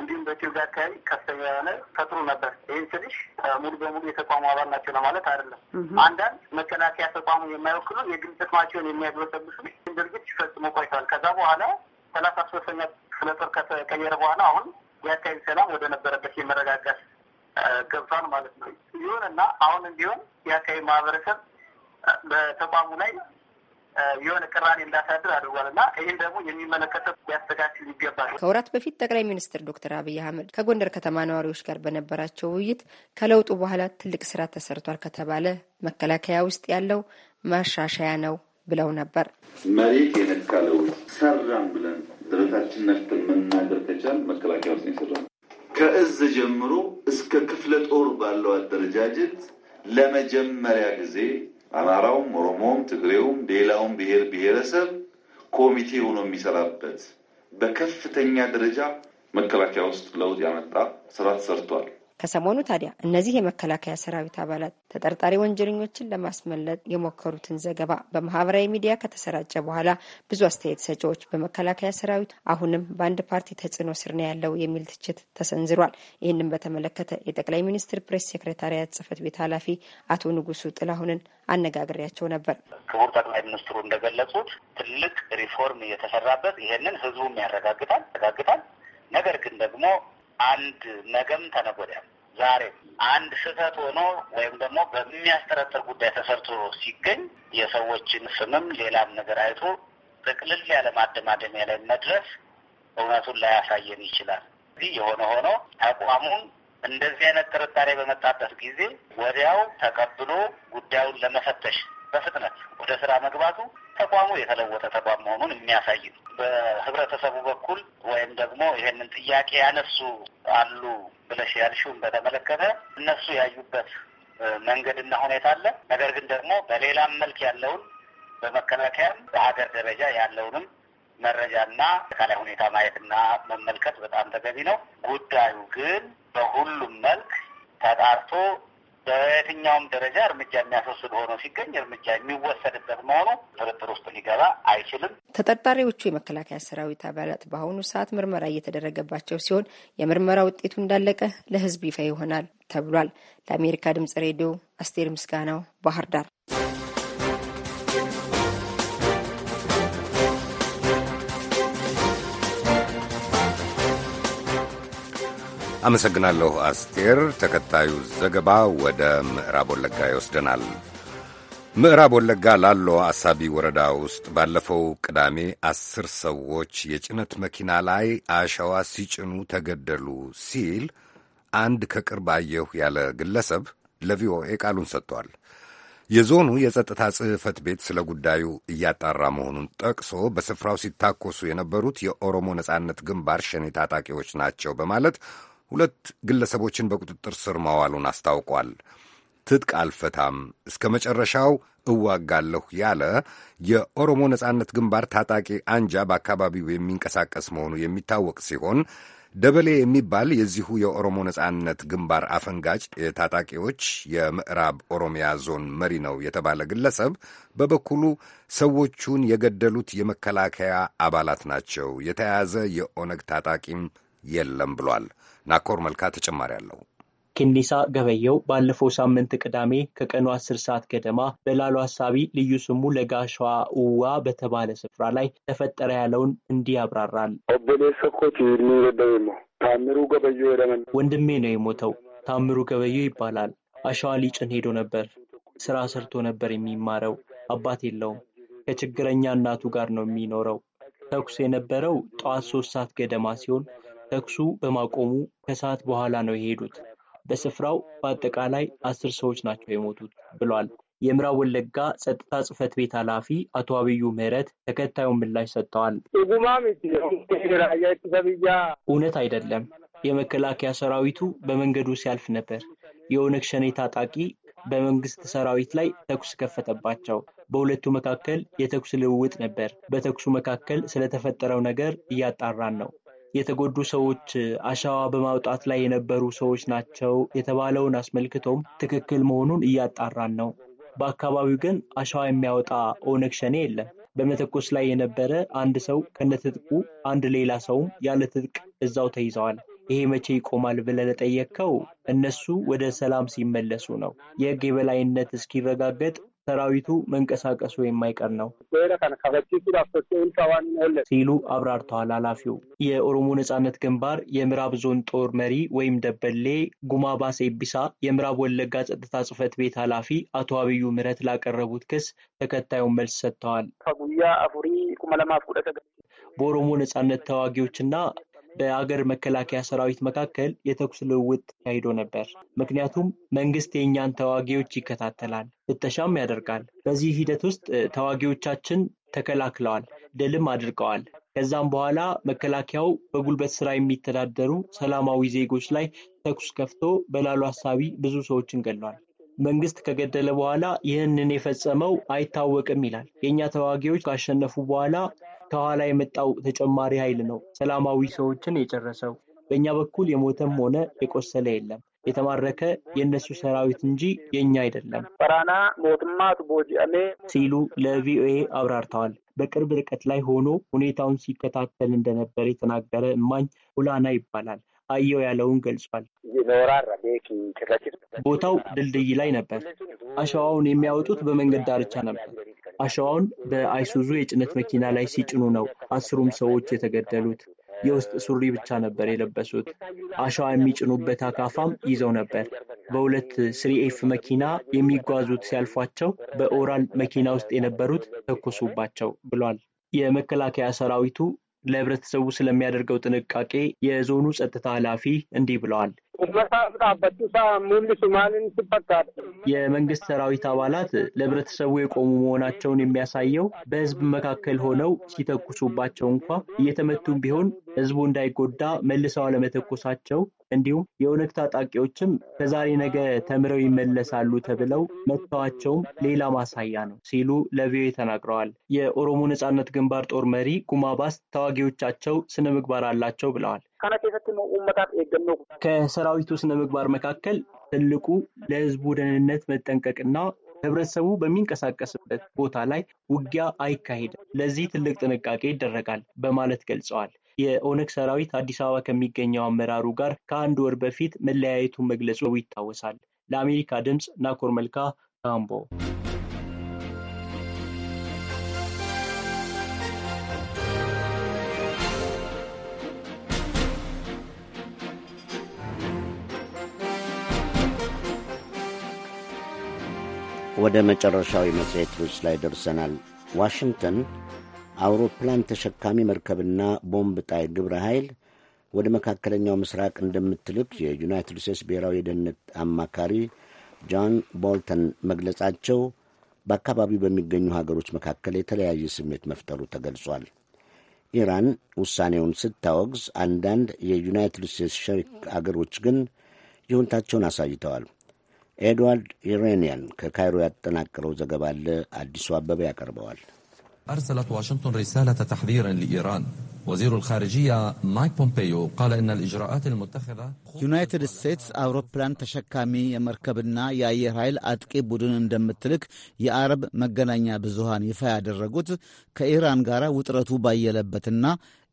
እንዲሁም በኢትዮጵያ አካባቢ ከፍተኛ የሆነ ፈጥሮ ነበር። ይህን ስልሽ ሙሉ በሙሉ የተቋሙ አባል ናቸው ለማለት አይደለም። አንዳንድ መከላከያ ተቋሙ የማይወክሉ የግል ጥቅማቸውን የሚያግበሰብሱ ድርጊት ሲፈጽሙ ቆይተዋል። ከዛ በኋላ ሰላሳ ሶስተኛ ክፍለ ጦር ከተቀየረ በኋላ አሁን የአካባቢ ሰላም ወደ ነበረበት የመረጋጋት ገብቷል ማለት ነው። ይሁንና አሁን እንዲሁም የአካባቢ ማህበረሰብ በተቋሙ ላይ የሆነ ቅራኔ እንዳሳድር አድርጓል እና ይህን ደግሞ የሚመለከተው ሊያስተካክል ይገባል። ከወራት በፊት ጠቅላይ ሚኒስትር ዶክተር አብይ አህመድ ከጎንደር ከተማ ነዋሪዎች ጋር በነበራቸው ውይይት ከለውጡ በኋላ ትልቅ ስራ ተሰርቷል ከተባለ መከላከያ ውስጥ ያለው ማሻሻያ ነው ብለው ነበር። መሬት የነካ ለውጥ ሰራም ብለን ድረታችን ነፍተን መናገር ከቻል መከላከያ ውስጥ የሰራ ከእዝ ጀምሮ እስከ ክፍለ ጦር ባለው አደረጃጀት ለመጀመሪያ ጊዜ አማራውም፣ ኦሮሞውም፣ ትግሬውም ሌላውም ብሔር ብሔረሰብ ኮሚቴ ሆኖ የሚሰራበት በከፍተኛ ደረጃ መከላከያ ውስጥ ለውጥ ያመጣ ስራ ተሰርቷል። ከሰሞኑ ታዲያ እነዚህ የመከላከያ ሰራዊት አባላት ተጠርጣሪ ወንጀለኞችን ለማስመለጥ የሞከሩትን ዘገባ በማህበራዊ ሚዲያ ከተሰራጨ በኋላ ብዙ አስተያየት ሰጪዎች በመከላከያ ሰራዊት አሁንም በአንድ ፓርቲ ተጽዕኖ ስር ነው ያለው የሚል ትችት ተሰንዝሯል። ይህንም በተመለከተ የጠቅላይ ሚኒስትር ፕሬስ ሴክሬታሪያት ጽህፈት ቤት ኃላፊ አቶ ንጉሱ ጥላሁንን አነጋግሬያቸው ነበር። ክቡር ጠቅላይ ሚኒስትሩ እንደገለጹት ትልቅ ሪፎርም እየተሰራበት ይሄንን ህዝቡም ያረጋግጣል ያረጋግጣል ነገር ግን ደግሞ አንድ ነገም ተነጎዳም ዛሬም አንድ ስህተት ሆኖ ወይም ደግሞ በሚያስጠረጥር ጉዳይ ተሰርቶ ሲገኝ የሰዎችን ስምም ሌላም ነገር አይቶ ጥቅልል ያለ ማደማደሚያ ላይ መድረስ እውነቱን ላያሳየን ይችላል። እዚህ የሆነ ሆኖ ተቋሙን እንደዚህ አይነት ጥርጣሬ በመጣበት ጊዜ ወዲያው ተቀብሎ ጉዳዩን ለመፈተሽ በፍጥነት ወደ ስራ መግባቱ ተቋሙ የተለወጠ ተቋም መሆኑን የሚያሳይ ነው። በህብረተሰቡ በኩል ወይም ደግሞ ይሄንን ጥያቄ ያነሱ አሉ ብለሽ ያልሽውን በተመለከተ እነሱ ያዩበት መንገድና ሁኔታ አለ። ነገር ግን ደግሞ በሌላም መልክ ያለውን በመከላከያም በሀገር ደረጃ ያለውንም መረጃና አጠቃላይ ሁኔታ ማየትና መመልከት በጣም ተገቢ ነው። ጉዳዩ ግን በሁሉም መልክ ተጣርቶ በየትኛውም ደረጃ እርምጃ የሚያስወስድ ሆኖ ሲገኝ እርምጃ የሚወሰድበት መሆኑ ጥርጥር ውስጥ ሊገባ አይችልም። ተጠርጣሪዎቹ የመከላከያ ሰራዊት አባላት በአሁኑ ሰዓት ምርመራ እየተደረገባቸው ሲሆን የምርመራ ውጤቱ እንዳለቀ ለሕዝብ ይፋ ይሆናል ተብሏል። ለአሜሪካ ድምጽ ሬዲዮ አስቴር ምስጋናው ባህር ዳር። አመሰግናለሁ አስቴር። ተከታዩ ዘገባ ወደ ምዕራብ ወለጋ ይወስደናል። ምዕራብ ወለጋ ላሎ አሳቢ ወረዳ ውስጥ ባለፈው ቅዳሜ አስር ሰዎች የጭነት መኪና ላይ አሸዋ ሲጭኑ ተገደሉ ሲል አንድ ከቅርብ አየሁ ያለ ግለሰብ ለቪኦኤ ቃሉን ሰጥቷል። የዞኑ የጸጥታ ጽሕፈት ቤት ስለ ጉዳዩ እያጣራ መሆኑን ጠቅሶ በስፍራው ሲታኮሱ የነበሩት የኦሮሞ ነጻነት ግንባር ሸኔ ታጣቂዎች ናቸው በማለት ሁለት ግለሰቦችን በቁጥጥር ስር ማዋሉን አስታውቋል። ትጥቅ አልፈታም እስከ መጨረሻው እዋጋለሁ ያለ የኦሮሞ ነጻነት ግንባር ታጣቂ አንጃ በአካባቢው የሚንቀሳቀስ መሆኑ የሚታወቅ ሲሆን ደበሌ የሚባል የዚሁ የኦሮሞ ነጻነት ግንባር አፈንጋጭ የታጣቂዎች የምዕራብ ኦሮሚያ ዞን መሪ ነው የተባለ ግለሰብ በበኩሉ ሰዎቹን የገደሉት የመከላከያ አባላት ናቸው፣ የተያያዘ የኦነግ ታጣቂም የለም ብሏል። ናኮር መልካ ተጨማሪ አለው። ኪኒሳ ገበየው ባለፈው ሳምንት ቅዳሜ ከቀኑ አስር ሰዓት ገደማ በላሉ ሀሳቢ ልዩ ስሙ ለጋሻዋ ውዋ በተባለ ስፍራ ላይ ተፈጠረ ያለውን እንዲህ ያብራራል። ወንድሜ ነው የሞተው። ታምሩ ገበየው ይባላል። አሸዋ ሊጭን ሄዶ ነበር። ስራ ሰርቶ ነበር የሚማረው። አባት የለውም። ከችግረኛ እናቱ ጋር ነው የሚኖረው። ተኩስ የነበረው ጠዋት ሶስት ሰዓት ገደማ ሲሆን ተኩሱ በማቆሙ ከሰዓት በኋላ ነው የሄዱት። በስፍራው በአጠቃላይ አስር ሰዎች ናቸው የሞቱት ብሏል። የምዕራብ ወለጋ ጸጥታ ጽህፈት ቤት ኃላፊ አቶ አብዩ ምህረት ተከታዩን ምላሽ ሰጥተዋል። እውነት አይደለም። የመከላከያ ሰራዊቱ በመንገዱ ሲያልፍ ነበር። የኦነግ ሸኔ ታጣቂ በመንግስት ሰራዊት ላይ ተኩስ ከፈተባቸው። በሁለቱ መካከል የተኩስ ልውውጥ ነበር። በተኩሱ መካከል ስለተፈጠረው ነገር እያጣራን ነው። የተጎዱ ሰዎች አሸዋ በማውጣት ላይ የነበሩ ሰዎች ናቸው የተባለውን አስመልክቶም ትክክል መሆኑን እያጣራን ነው። በአካባቢው ግን አሸዋ የሚያወጣ ኦነግ ሸኔ የለም። በመተኮስ ላይ የነበረ አንድ ሰው ከነትጥቁ አንድ ሌላ ሰውም ያለ ትጥቅ እዛው ተይዘዋል። ይሄ መቼ ይቆማል ብለህ ለጠየቅከው እነሱ ወደ ሰላም ሲመለሱ ነው። የህግ የበላይነት እስኪረጋገጥ ሰራዊቱ መንቀሳቀሱ የማይቀር ነው ሲሉ አብራርተዋል ኃላፊው። የኦሮሞ ነጻነት ግንባር የምዕራብ ዞን ጦር መሪ ወይም ደበሌ ጉማባስ ኤቢሳ ቢሳ የምዕራብ ወለጋ ጸጥታ ጽህፈት ቤት ኃላፊ አቶ አብዩ ምህረት ላቀረቡት ክስ ተከታዩን መልስ ሰጥተዋል። በኦሮሞ ነጻነት ተዋጊዎችና በአገር መከላከያ ሰራዊት መካከል የተኩስ ልውውጥ ተካሂዶ ነበር። ምክንያቱም መንግስት የእኛን ተዋጊዎች ይከታተላል፣ ፍተሻም ያደርጋል። በዚህ ሂደት ውስጥ ተዋጊዎቻችን ተከላክለዋል፣ ድልም አድርገዋል። ከዛም በኋላ መከላከያው በጉልበት ስራ የሚተዳደሩ ሰላማዊ ዜጎች ላይ ተኩስ ከፍቶ በላሉ ሀሳቢ ብዙ ሰዎችን ገሏል። መንግስት ከገደለ በኋላ ይህንን የፈጸመው አይታወቅም ይላል። የእኛ ተዋጊዎች ካሸነፉ በኋላ ከኋላ የመጣው ተጨማሪ ኃይል ነው ሰላማዊ ሰዎችን የጨረሰው። በእኛ በኩል የሞተም ሆነ የቆሰለ የለም። የተማረከ የእነሱ ሰራዊት እንጂ የእኛ አይደለም ሲሉ ለቪኦኤ አብራርተዋል። በቅርብ ርቀት ላይ ሆኖ ሁኔታውን ሲከታተል እንደነበር የተናገረ እማኝ ሁላና ይባላል። አየው ያለውን ገልጿል። ቦታው ድልድይ ላይ ነበር። አሸዋውን የሚያወጡት በመንገድ ዳርቻ ነበር። አሸዋውን በአይሱዙ የጭነት መኪና ላይ ሲጭኑ ነው አስሩም ሰዎች የተገደሉት። የውስጥ ሱሪ ብቻ ነበር የለበሱት። አሸዋ የሚጭኑበት አካፋም ይዘው ነበር። በሁለት ስሪኤፍ መኪና የሚጓዙት ሲያልፏቸው በኦራል መኪና ውስጥ የነበሩት ተኮሱባቸው ብሏል። የመከላከያ ሰራዊቱ ለህብረተሰቡ ስለሚያደርገው ጥንቃቄ የዞኑ ጸጥታ ኃላፊ እንዲህ ብለዋል። የመንግስት ሰራዊት አባላት ለህብረተሰቡ የቆሙ መሆናቸውን የሚያሳየው በህዝብ መካከል ሆነው ሲተኩሱባቸው እንኳ እየተመቱም ቢሆን ህዝቡ እንዳይጎዳ መልሰው አለመተኮሳቸው እንዲሁም የኦነግ ታጣቂዎችም ከዛሬ ነገ ተምረው ይመለሳሉ ተብለው መጥተዋቸውም ሌላ ማሳያ ነው ሲሉ ለቪኦኤ ተናግረዋል። የኦሮሞ ነጻነት ግንባር ጦር መሪ ጉማ ባስ ተዋጊዎቻቸው ስነ ምግባር አላቸው ብለዋል። ከሰራዊቱ ስነ ምግባር መካከል ትልቁ ለህዝቡ ደህንነት መጠንቀቅና ህብረተሰቡ በሚንቀሳቀስበት ቦታ ላይ ውጊያ አይካሄድም፣ ለዚህ ትልቅ ጥንቃቄ ይደረጋል በማለት ገልጸዋል። የኦነግ ሰራዊት አዲስ አበባ ከሚገኘው አመራሩ ጋር ከአንድ ወር በፊት መለያየቱ መግለጹ ይታወሳል። ለአሜሪካ ድምፅ ናኮር መልካ ካምቦ ወደ መጨረሻዊ መጽሔት ርዕስ ላይ ደርሰናል። ዋሽንግተን አውሮፕላን ተሸካሚ መርከብና ቦምብ ጣይ ግብረ ኃይል ወደ መካከለኛው ምስራቅ እንደምትልክ የዩናይትድ ስቴትስ ብሔራዊ የደህንነት አማካሪ ጆን ቦልተን መግለጻቸው በአካባቢው በሚገኙ ሀገሮች መካከል የተለያየ ስሜት መፍጠሩ ተገልጿል። ኢራን ውሳኔውን ስታወግዝ፣ አንዳንድ የዩናይትድ ስቴትስ ሸሪክ አገሮች ግን ይሁንታቸውን አሳይተዋል። ኤድዋርድ ኢሬኒያን ከካይሮ ያጠናቀረው ዘገባ አለ። አዲሱ አበበ ያቀርበዋል። أرسلت واشنطن رسالة تحذير لإيران وزير الخارجية مايك بومبيو قال إن الإجراءات المتخذة ዩናይትድ ስቴትስ አውሮፕላን ተሸካሚ የመርከብና የአየር ኃይል አጥቂ ቡድን እንደምትልክ የአረብ መገናኛ ብዙሃን ይፋ ያደረጉት ከኢራን ጋር ውጥረቱ ባየለበትና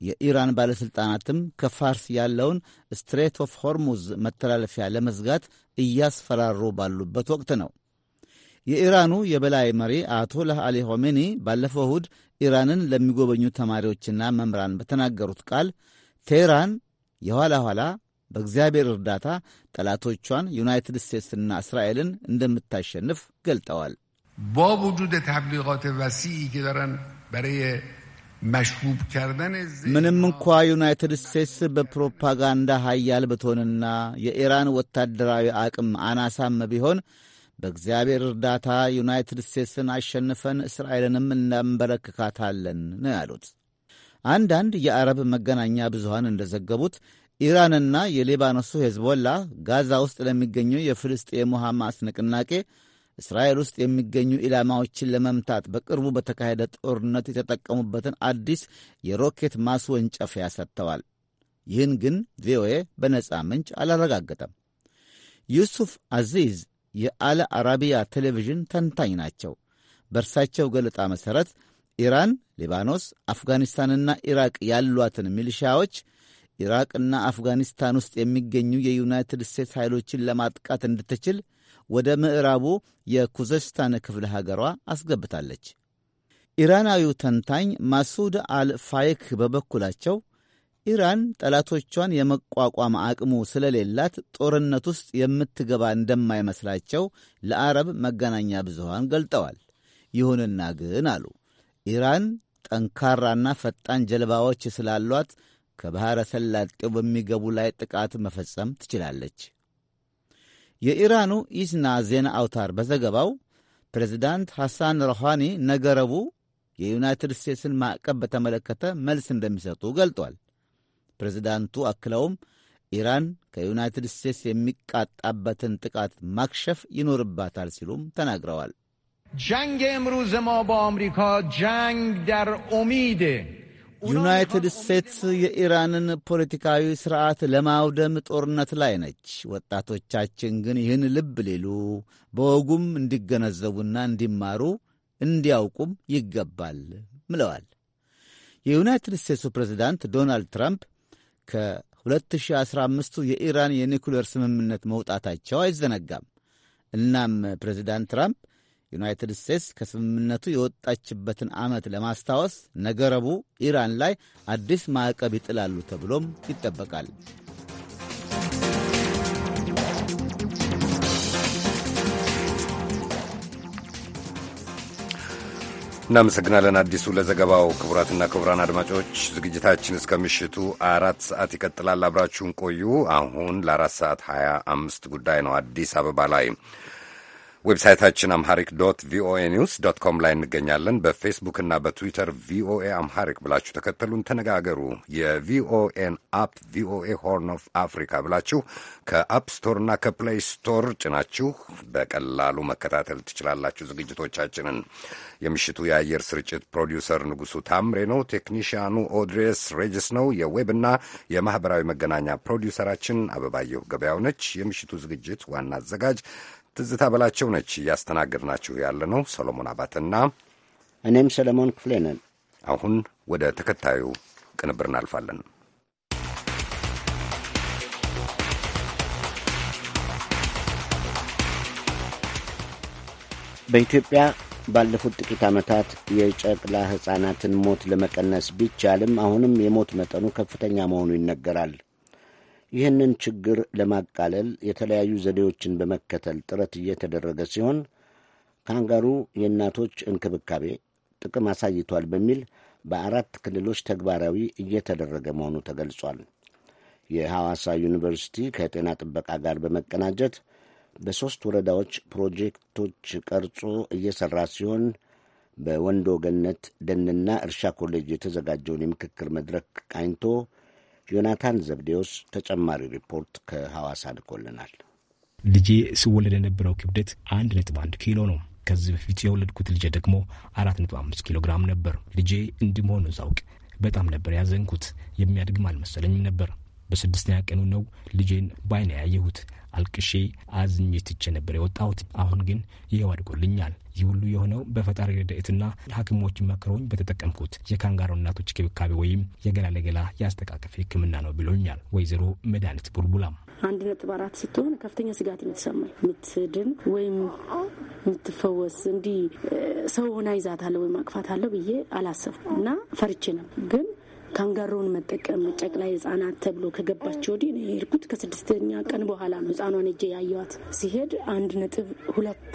የኢራን ባለሥልጣናትም ከፋርስ ያለውን ስትሬት ኦፍ ሆርሙዝ መተላለፊያ ለመዝጋት እያስፈራሩ ባሉበት ወቅት ነው። የኢራኑ የበላይ መሪ አያቶላህ አሊ ሆሜኒ ባለፈው እሁድ ኢራንን ለሚጎበኙ ተማሪዎችና መምህራን በተናገሩት ቃል ቴህራን የኋላ ኋላ በእግዚአብሔር እርዳታ ጠላቶቿን ዩናይትድ ስቴትስና እስራኤልን እንደምታሸንፍ ገልጠዋል። ባውጁድ ተብሊቃት ወሲዒ ከደረን በረይ መሽቡብ ከርደን ምንም እንኳ ዩናይትድ ስቴትስ በፕሮፓጋንዳ ሀያል ብትሆንና የኢራን ወታደራዊ አቅም አናሳም ቢሆን በእግዚአብሔር እርዳታ ዩናይትድ ስቴትስን አሸንፈን እስራኤልንም እናንበረክካታለን ነው ያሉት። አንዳንድ የአረብ መገናኛ ብዙሃን እንደዘገቡት ኢራንና የሊባኖሱ ሄዝቦላ ጋዛ ውስጥ ለሚገኙ የፍልስጤሙ ሐማስ ንቅናቄ እስራኤል ውስጥ የሚገኙ ኢላማዎችን ለመምታት በቅርቡ በተካሄደ ጦርነት የተጠቀሙበትን አዲስ የሮኬት ማስወንጨፊያ ሰጥተዋል። ይህን ግን ቪኦኤ በነፃ ምንጭ አላረጋገጠም። ዩሱፍ አዚዝ የአለ አረቢያ ቴሌቪዥን ተንታኝ ናቸው። በእርሳቸው ገለጣ መሠረት ኢራን፣ ሊባኖስ፣ አፍጋኒስታንና ኢራቅ ያሏትን ሚሊሻዎች ኢራቅና አፍጋኒስታን ውስጥ የሚገኙ የዩናይትድ ስቴትስ ኃይሎችን ለማጥቃት እንድትችል ወደ ምዕራቡ የኩዘስታን ክፍለ ሀገሯ አስገብታለች። ኢራናዊው ተንታኝ ማሱድ አል ፋይክ በበኩላቸው ኢራን ጠላቶቿን የመቋቋም አቅሙ ስለሌላት ጦርነት ውስጥ የምትገባ እንደማይመስላቸው ለአረብ መገናኛ ብዙሃን ገልጠዋል። ይሁንና ግን አሉ ኢራን ጠንካራና ፈጣን ጀልባዎች ስላሏት ከባሕረ ሰላጤው በሚገቡ ላይ ጥቃት መፈጸም ትችላለች። የኢራኑ ኢዝና ዜና አውታር በዘገባው ፕሬዚዳንት ሐሳን ሮሃኒ ነገረቡ የዩናይትድ ስቴትስን ማዕቀብ በተመለከተ መልስ እንደሚሰጡ ገልጧል። ፕሬዚዳንቱ አክለውም ኢራን ከዩናይትድ ስቴትስ የሚቃጣበትን ጥቃት ማክሸፍ ይኖርባታል ሲሉም ተናግረዋል። ጃንግ እምሩዝ ማ በአምሪካ ጃንግ ደር ኦሚድ ዩናይትድ ስቴትስ የኢራንን ፖለቲካዊ ሥርዓት ለማውደም ጦርነት ላይ ነች። ወጣቶቻችን ግን ይህን ልብ ሊሉ በወጉም እንዲገነዘቡና እንዲማሩ እንዲያውቁም ይገባል ምለዋል። የዩናይትድ ስቴትሱ ፕሬዚዳንት ዶናልድ ትራምፕ ከ2015 የኢራን የኒኩሌር ስምምነት መውጣታቸው አይዘነጋም። እናም ፕሬዚዳንት ትራምፕ ዩናይትድ ስቴትስ ከስምምነቱ የወጣችበትን ዓመት ለማስታወስ ነገረቡ ኢራን ላይ አዲስ ማዕቀብ ይጥላሉ ተብሎም ይጠበቃል። እናመሰግናለን አዲሱ ለዘገባው። ክቡራትና ክቡራን አድማጮች ዝግጅታችን እስከ ምሽቱ አራት ሰዓት ይቀጥላል። አብራችሁን ቆዩ። አሁን ለአራት ሰዓት አምስት ጉዳይ ነው አዲስ አበባ ላይ ዌብሳይታችን አምሃሪክ ዶት ቪኦኤ ኒውስ ዶት ኮም ላይ እንገኛለን። በፌስቡክና በትዊተር ቪኦኤ አምሃሪክ ብላችሁ ተከተሉን፣ ተነጋገሩ። የቪኦኤን አፕ ቪኦኤ ሆርን ኦፍ አፍሪካ ብላችሁ ከአፕ ስቶርና ከፕሌይ ስቶር ጭናችሁ በቀላሉ መከታተል ትችላላችሁ ዝግጅቶቻችንን። የምሽቱ የአየር ስርጭት ፕሮዲውሰር ንጉሱ ታምሬ ነው። ቴክኒሽያኑ ኦድሬስ ሬጅስ ነው። የዌብና የማኅበራዊ መገናኛ ፕሮዲውሰራችን አበባየሁ ገበያው ነች። የምሽቱ ዝግጅት ዋና አዘጋጅ ትዝታ በላቸው ነች። እያስተናገድናችሁ ያለ ነው ሰሎሞን አባትና እኔም ሰለሞን ክፍሌ ነን። አሁን ወደ ተከታዩ ቅንብር እናልፋለን። በኢትዮጵያ ባለፉት ጥቂት ዓመታት የጨቅላ ሕፃናትን ሞት ለመቀነስ ቢቻልም አሁንም የሞት መጠኑ ከፍተኛ መሆኑ ይነገራል። ይህንን ችግር ለማቃለል የተለያዩ ዘዴዎችን በመከተል ጥረት እየተደረገ ሲሆን ካንጋሩ የእናቶች እንክብካቤ ጥቅም አሳይቷል በሚል በአራት ክልሎች ተግባራዊ እየተደረገ መሆኑ ተገልጿል። የሐዋሳ ዩኒቨርሲቲ ከጤና ጥበቃ ጋር በመቀናጀት በሦስት ወረዳዎች ፕሮጀክቶች ቀርጾ እየሠራ ሲሆን በወንዶ ገነት ደንና እርሻ ኮሌጅ የተዘጋጀውን የምክክር መድረክ ቃኝቶ ዮናታን ዘብዴዎስ ተጨማሪ ሪፖርት ከሐዋሳ ልኮልናል። ልጄ ስወለድ የነበረው ክብደት አንድ ነጥብ አንድ ኪሎ ነው። ከዚህ በፊት የወለድኩት ልጄ ደግሞ አራት ነጥብ አምስት ኪሎ ግራም ነበር። ልጄ እንዲህ መሆኑን ሳውቅ በጣም ነበር ያዘንኩት። የሚያድግም አልመሰለኝም ነበር። በስድስተኛ ቀኑ ነው ልጄን ባይና ያየሁት። አልቅሼ አዝኜ ትቼ ነበር የወጣሁት። አሁን ግን ይኸው አድጎልኛል። ይህ ሁሉ የሆነው በፈጣሪ ረድኤትና ሐኪሞች መክረውኝ በተጠቀምኩት የካንጋሮ እናቶች ክብካቤ ወይም የገላ ለገላ የአስተቃቀፍ ሕክምና ነው ብሎኛል ወይዘሮ መድኃኒት ቡልቡላም። አንድ ነጥብ አራት ስትሆን ከፍተኛ ስጋት ነው የምትድን ወይም የምትፈወስ እንዲህ ሰው ሆና ይዛት አለ ወይም አቅፋት አለ ብዬ አላሰብኩም እና ፈርቼ ነው ግን ካንጋሮውን መጠቀም ጨቅላይ ህጻናት ተብሎ ከገባቸው ወዲህ ነው የሄድኩት። ከስድስተኛ ቀን በኋላ ነው ህጻኗን እጄ ያየዋት። ሲሄድ አንድ ነጥብ ሁለት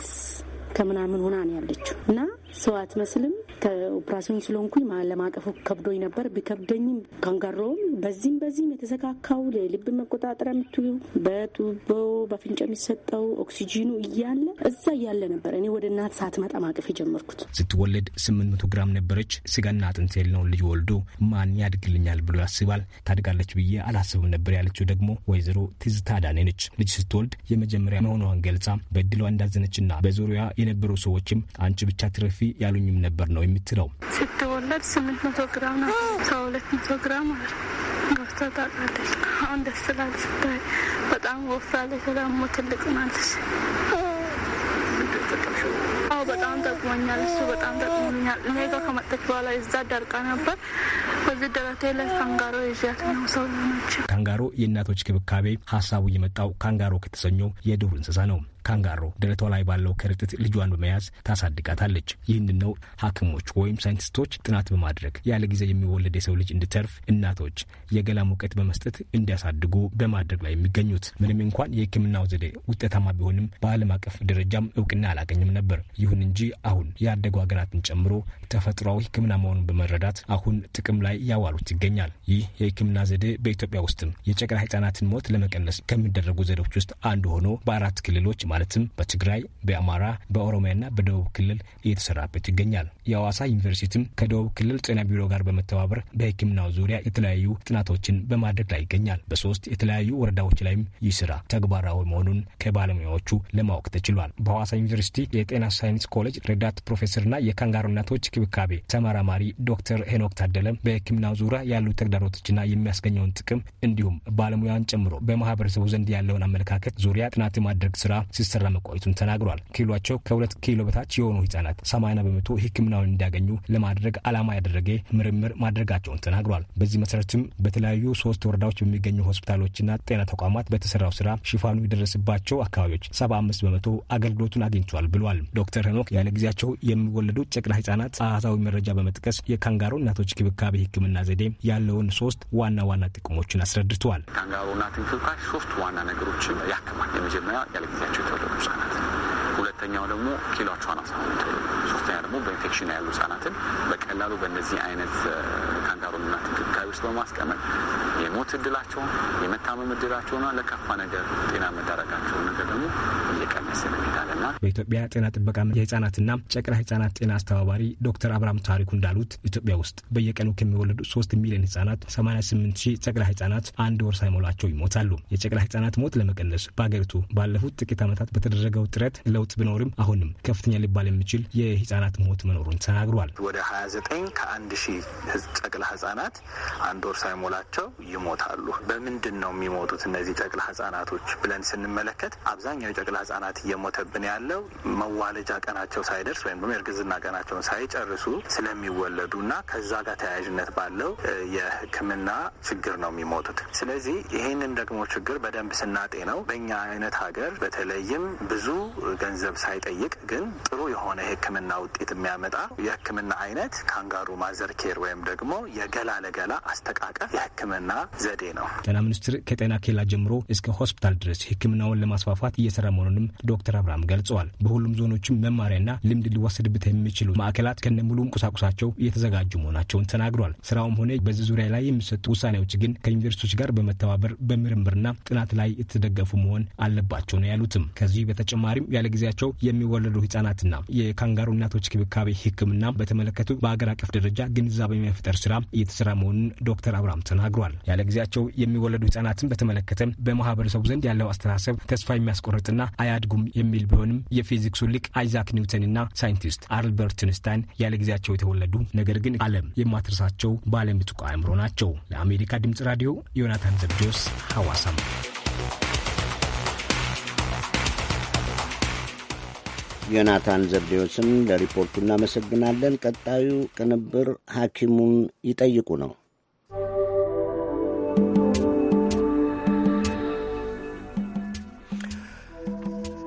ከምናምን ሆና ነው ያለችው እና ሰው አትመስልም። ከኦፕራሲዮን ስለሆንኩኝ ለማቀፉ ከብዶኝ ነበር። ቢከብደኝም ካንጋሮውም በዚህም በዚህም የተዘካካው ልብ መቆጣጠሪያ የምትዩ በጡቦ በፍንጫ የሚሰጠው ኦክሲጂኑ እያለ እዛ እያለ ነበር እኔ ወደ እናት ሳትመጣ ማቀፍ የጀመርኩት። ስትወለድ ስምንት መቶ ግራም ነበረች። ስጋና አጥንት የለውን ልጅ ወልዶ ማን ያድግልኛል ብሎ ያስባል። ታድጋለች ብዬ አላስብም ነበር ያለችው ደግሞ ወይዘሮ ትዝታ ዳኔ ነች። ልጅ ስትወልድ የመጀመሪያ መሆኗን ገልጻ በእድሏ እንዳዘነችና በዙሪያ የነበሩ ሰዎችም አንቺ ብቻ ትረፊ ያሉኝም ነበር ነው የምትለው። ስትወለድ ስምንት መቶ ግራም ነው ሰው ሁለት መቶ ግራም አለ ገብታ ታውቃለች። አሁን ደስ ስላል ስታይ በጣም ወፍራለች። ደግሞ ትልቅ ናለች። አዎ በጣም ጠቅሞኛል። እሱ በጣም ጠቅሞኛል። እኔ ጋር ከመጣች በኋላ እዛ ደርቃ ነበር። በዚህ ደረቴ ላይ ካንጋሮ ይዣት ነው ሰው ናቸው። ካንጋሮ የእናቶች ክብካቤ ሀሳቡ የመጣው ካንጋሮ ከተሰኘው የዱር እንስሳ ነው። ካንጋሮ ደረቷ ላይ ባለው ከረጢት ልጇን በመያዝ ታሳድጋታለች። ይህን ነው ሐኪሞች ወይም ሳይንቲስቶች ጥናት በማድረግ ያለ ጊዜ የሚወለድ የሰው ልጅ እንድተርፍ እናቶች የገላ ሙቀት በመስጠት እንዲያሳድጉ በማድረግ ላይ የሚገኙት። ምንም እንኳን የህክምናው ዘዴ ውጤታማ ቢሆንም በዓለም አቀፍ ደረጃም እውቅና አላገኝም ነበር። ይሁን እንጂ አሁን ያደጉ ሀገራትን ጨምሮ ተፈጥሯዊ ህክምና መሆኑን በመረዳት አሁን ጥቅም ላይ ያዋሉት ይገኛል። ይህ የህክምና ዘዴ በኢትዮጵያ ውስጥም የጨቅላ ህጻናትን ሞት ለመቀነስ ከሚደረጉ ዘዴዎች ውስጥ አንዱ ሆኖ በአራት ክልሎች ማለትም በትግራይ፣ በአማራ፣ በኦሮሚያና በደቡብ ክልል እየተሰራበት ይገኛል። የአዋሳ ዩኒቨርሲቲም ከደቡብ ክልል ጤና ቢሮ ጋር በመተባበር በሕክምናው ዙሪያ የተለያዩ ጥናቶችን በማድረግ ላይ ይገኛል። በሶስት የተለያዩ ወረዳዎች ላይም ይህ ስራ ተግባራዊ መሆኑን ከባለሙያዎቹ ለማወቅ ተችሏል። በአዋሳ ዩኒቨርሲቲ የጤና ሳይንስ ኮሌጅ ረዳት ፕሮፌሰርና የካንጋሮ እናቶች ክብካቤ ተመራማሪ ዶክተር ሄኖክ ታደለም በሕክምናው ዙሪያ ያሉ ተግዳሮቶችና የሚያስገኘውን ጥቅም እንዲሁም ባለሙያን ጨምሮ በማህበረሰቡ ዘንድ ያለውን አመለካከት ዙሪያ ጥናት የማድረግ ስራ ሲሰራ መቆየቱን ተናግሯል። ኪሏቸው ከሁለት ኪሎ በታች የሆኑ ህጻናት ሰማንያ በመቶ ህክምናውን እንዲያገኙ ለማድረግ ዓላማ ያደረገ ምርምር ማድረጋቸውን ተናግሯል። በዚህ መሰረትም በተለያዩ ሶስት ወረዳዎች በሚገኙ ሆስፒታሎችና ጤና ተቋማት በተሰራው ስራ ሽፋኑ የደረሰባቸው አካባቢዎች ሰባ አምስት በመቶ አገልግሎቱን አግኝቷል ብሏል። ዶክተር ሄኖክ ያለ ጊዜያቸው የሚወለዱ ጨቅላ ህጻናት አሃዛዊ መረጃ በመጥቀስ የካንጋሮ እናቶች ክብካቤ ህክምና ዘዴ ያለውን ሶስት ዋና ዋና ጥቅሞችን አስረድተዋል። ካንጋሮ እናት እንክብካቤ ሶስት ዋና ነገሮችን ያክማል። የመጀመሪያ ያለ ጊዜያቸው የተወለዱ ህጻናት፣ ሁለተኛው ደግሞ ኪሏቸው አናሳ ሶስተኛ ደግሞ በኢንፌክሽን ያሉ ህጻናትን በቀላሉ በእነዚህ አይነት ካንጋሮና ውስጥ በማስቀመጥ የሞት እድላቸውን የመታመም እድላቸውና ለከፋ ነገር ጤና መዳረጋቸው ነገር ደግሞ እየቀነሰ ይሄዳልና በኢትዮጵያ ጤና ጥበቃ የህጻናትና ጨቅላ ህጻናት ጤና አስተባባሪ ዶክተር አብርሃም ታሪኩ እንዳሉት ኢትዮጵያ ውስጥ በየቀኑ ከሚወለዱ ሶስት ሚሊዮን ህጻናት ስምንት ሺህ ጨቅላ ህጻናት አንድ ወር ሳይሞላቸው ይሞታሉ። የጨቅላ ህጻናት ሞት ለመቀነስ በሀገሪቱ ባለፉት ጥቂት ዓመታት በተደረገው ጥረት ለውጥ ቢኖርም አሁንም ከፍተኛ ሊባል የሚችል የህጻናት ሞት መኖሩን ተናግሯል። ወደ ዘጠኝ ከአንድ ሺህ ጨቅላ ህጻናት አንድ ወር ሳይሞላቸው ይሞታሉ። በምንድን ነው የሚሞቱት እነዚህ ጨቅላ ህጻናቶች ብለን ስንመለከት አብዛኛው የጨቅላ ህጻናት እየሞተብን ያለው መዋለጃ ቀናቸው ሳይደርስ ወይም ደግሞ የእርግዝና ቀናቸውን ሳይጨርሱ ስለሚወለዱ እና ከዛ ጋር ተያያዥነት ባለው የህክምና ችግር ነው የሚሞቱት። ስለዚህ ይህንን ደግሞ ችግር በደንብ ስናጤ ነው በእኛ አይነት ሀገር በተለይም ብዙ ገንዘብ ሳይጠይቅ ግን ጥሩ የሆነ የህክምና ውጤት የሚያመጣ የህክምና አይነት ካንጋሩ ማዘር ኬር ወይም ደግሞ የገላ ለገላ አስተቃቀፍ የህክምና ዘዴ ነው። ጤና ሚኒስቴር ከጤና ኬላ ጀምሮ እስከ ሆስፒታል ድረስ ህክምናውን ለማስፋፋት እየሰራ መሆኑንም ዶክተር አብርሃም ገልጸዋል። በሁሉም ዞኖችም መማሪያና ልምድ ሊወሰድበት የሚችሉ ማዕከላት ከነሙሉ ቁሳቁሳቸው እየተዘጋጁ መሆናቸውን ተናግሯል። ስራውም ሆነ በዚህ ዙሪያ ላይ የሚሰጡ ውሳኔዎች ግን ከዩኒቨርሲቲዎች ጋር በመተባበር በምርምርና ጥናት ላይ የተደገፉ መሆን አለባቸው ነው ያሉትም። ከዚህ በተጨማሪም ያለ ጊዜያቸው የሚወለዱ ህጻናትና የካንጋሩ እናቶች ክብካቤ ህክምና በተመለከቱ በአገር አቀፍ ደረጃ ግንዛቤ መፍጠር ስራ እየተሰራ መሆኑን ዶክተር አብርሃም ተናግሯል። ያለ ጊዜያቸው የሚወለዱ ህጻናትን በተመለከተ በማህበረሰቡ ዘንድ ያለው አስተሳሰብ ተስፋ የሚያስቆርጥና አያድጉም የሚል ቢሆንም የፊዚክሱ ሊቅ አይዛክ ኒውተንና ሳይንቲስት አልበርት ንስታይን ያለ ጊዜያቸው የተወለዱ ነገር ግን ዓለም የማትረሳቸው ባለምጡቅ አእምሮ ናቸው። ለአሜሪካ ድምጽ ራዲዮ ዮናታን ዘብዲዮስ ሐዋሳም ዮናታን ዘብዴዎስን ለሪፖርቱ እናመሰግናለን። ቀጣዩ ቅንብር ሐኪሙን ይጠይቁ ነው።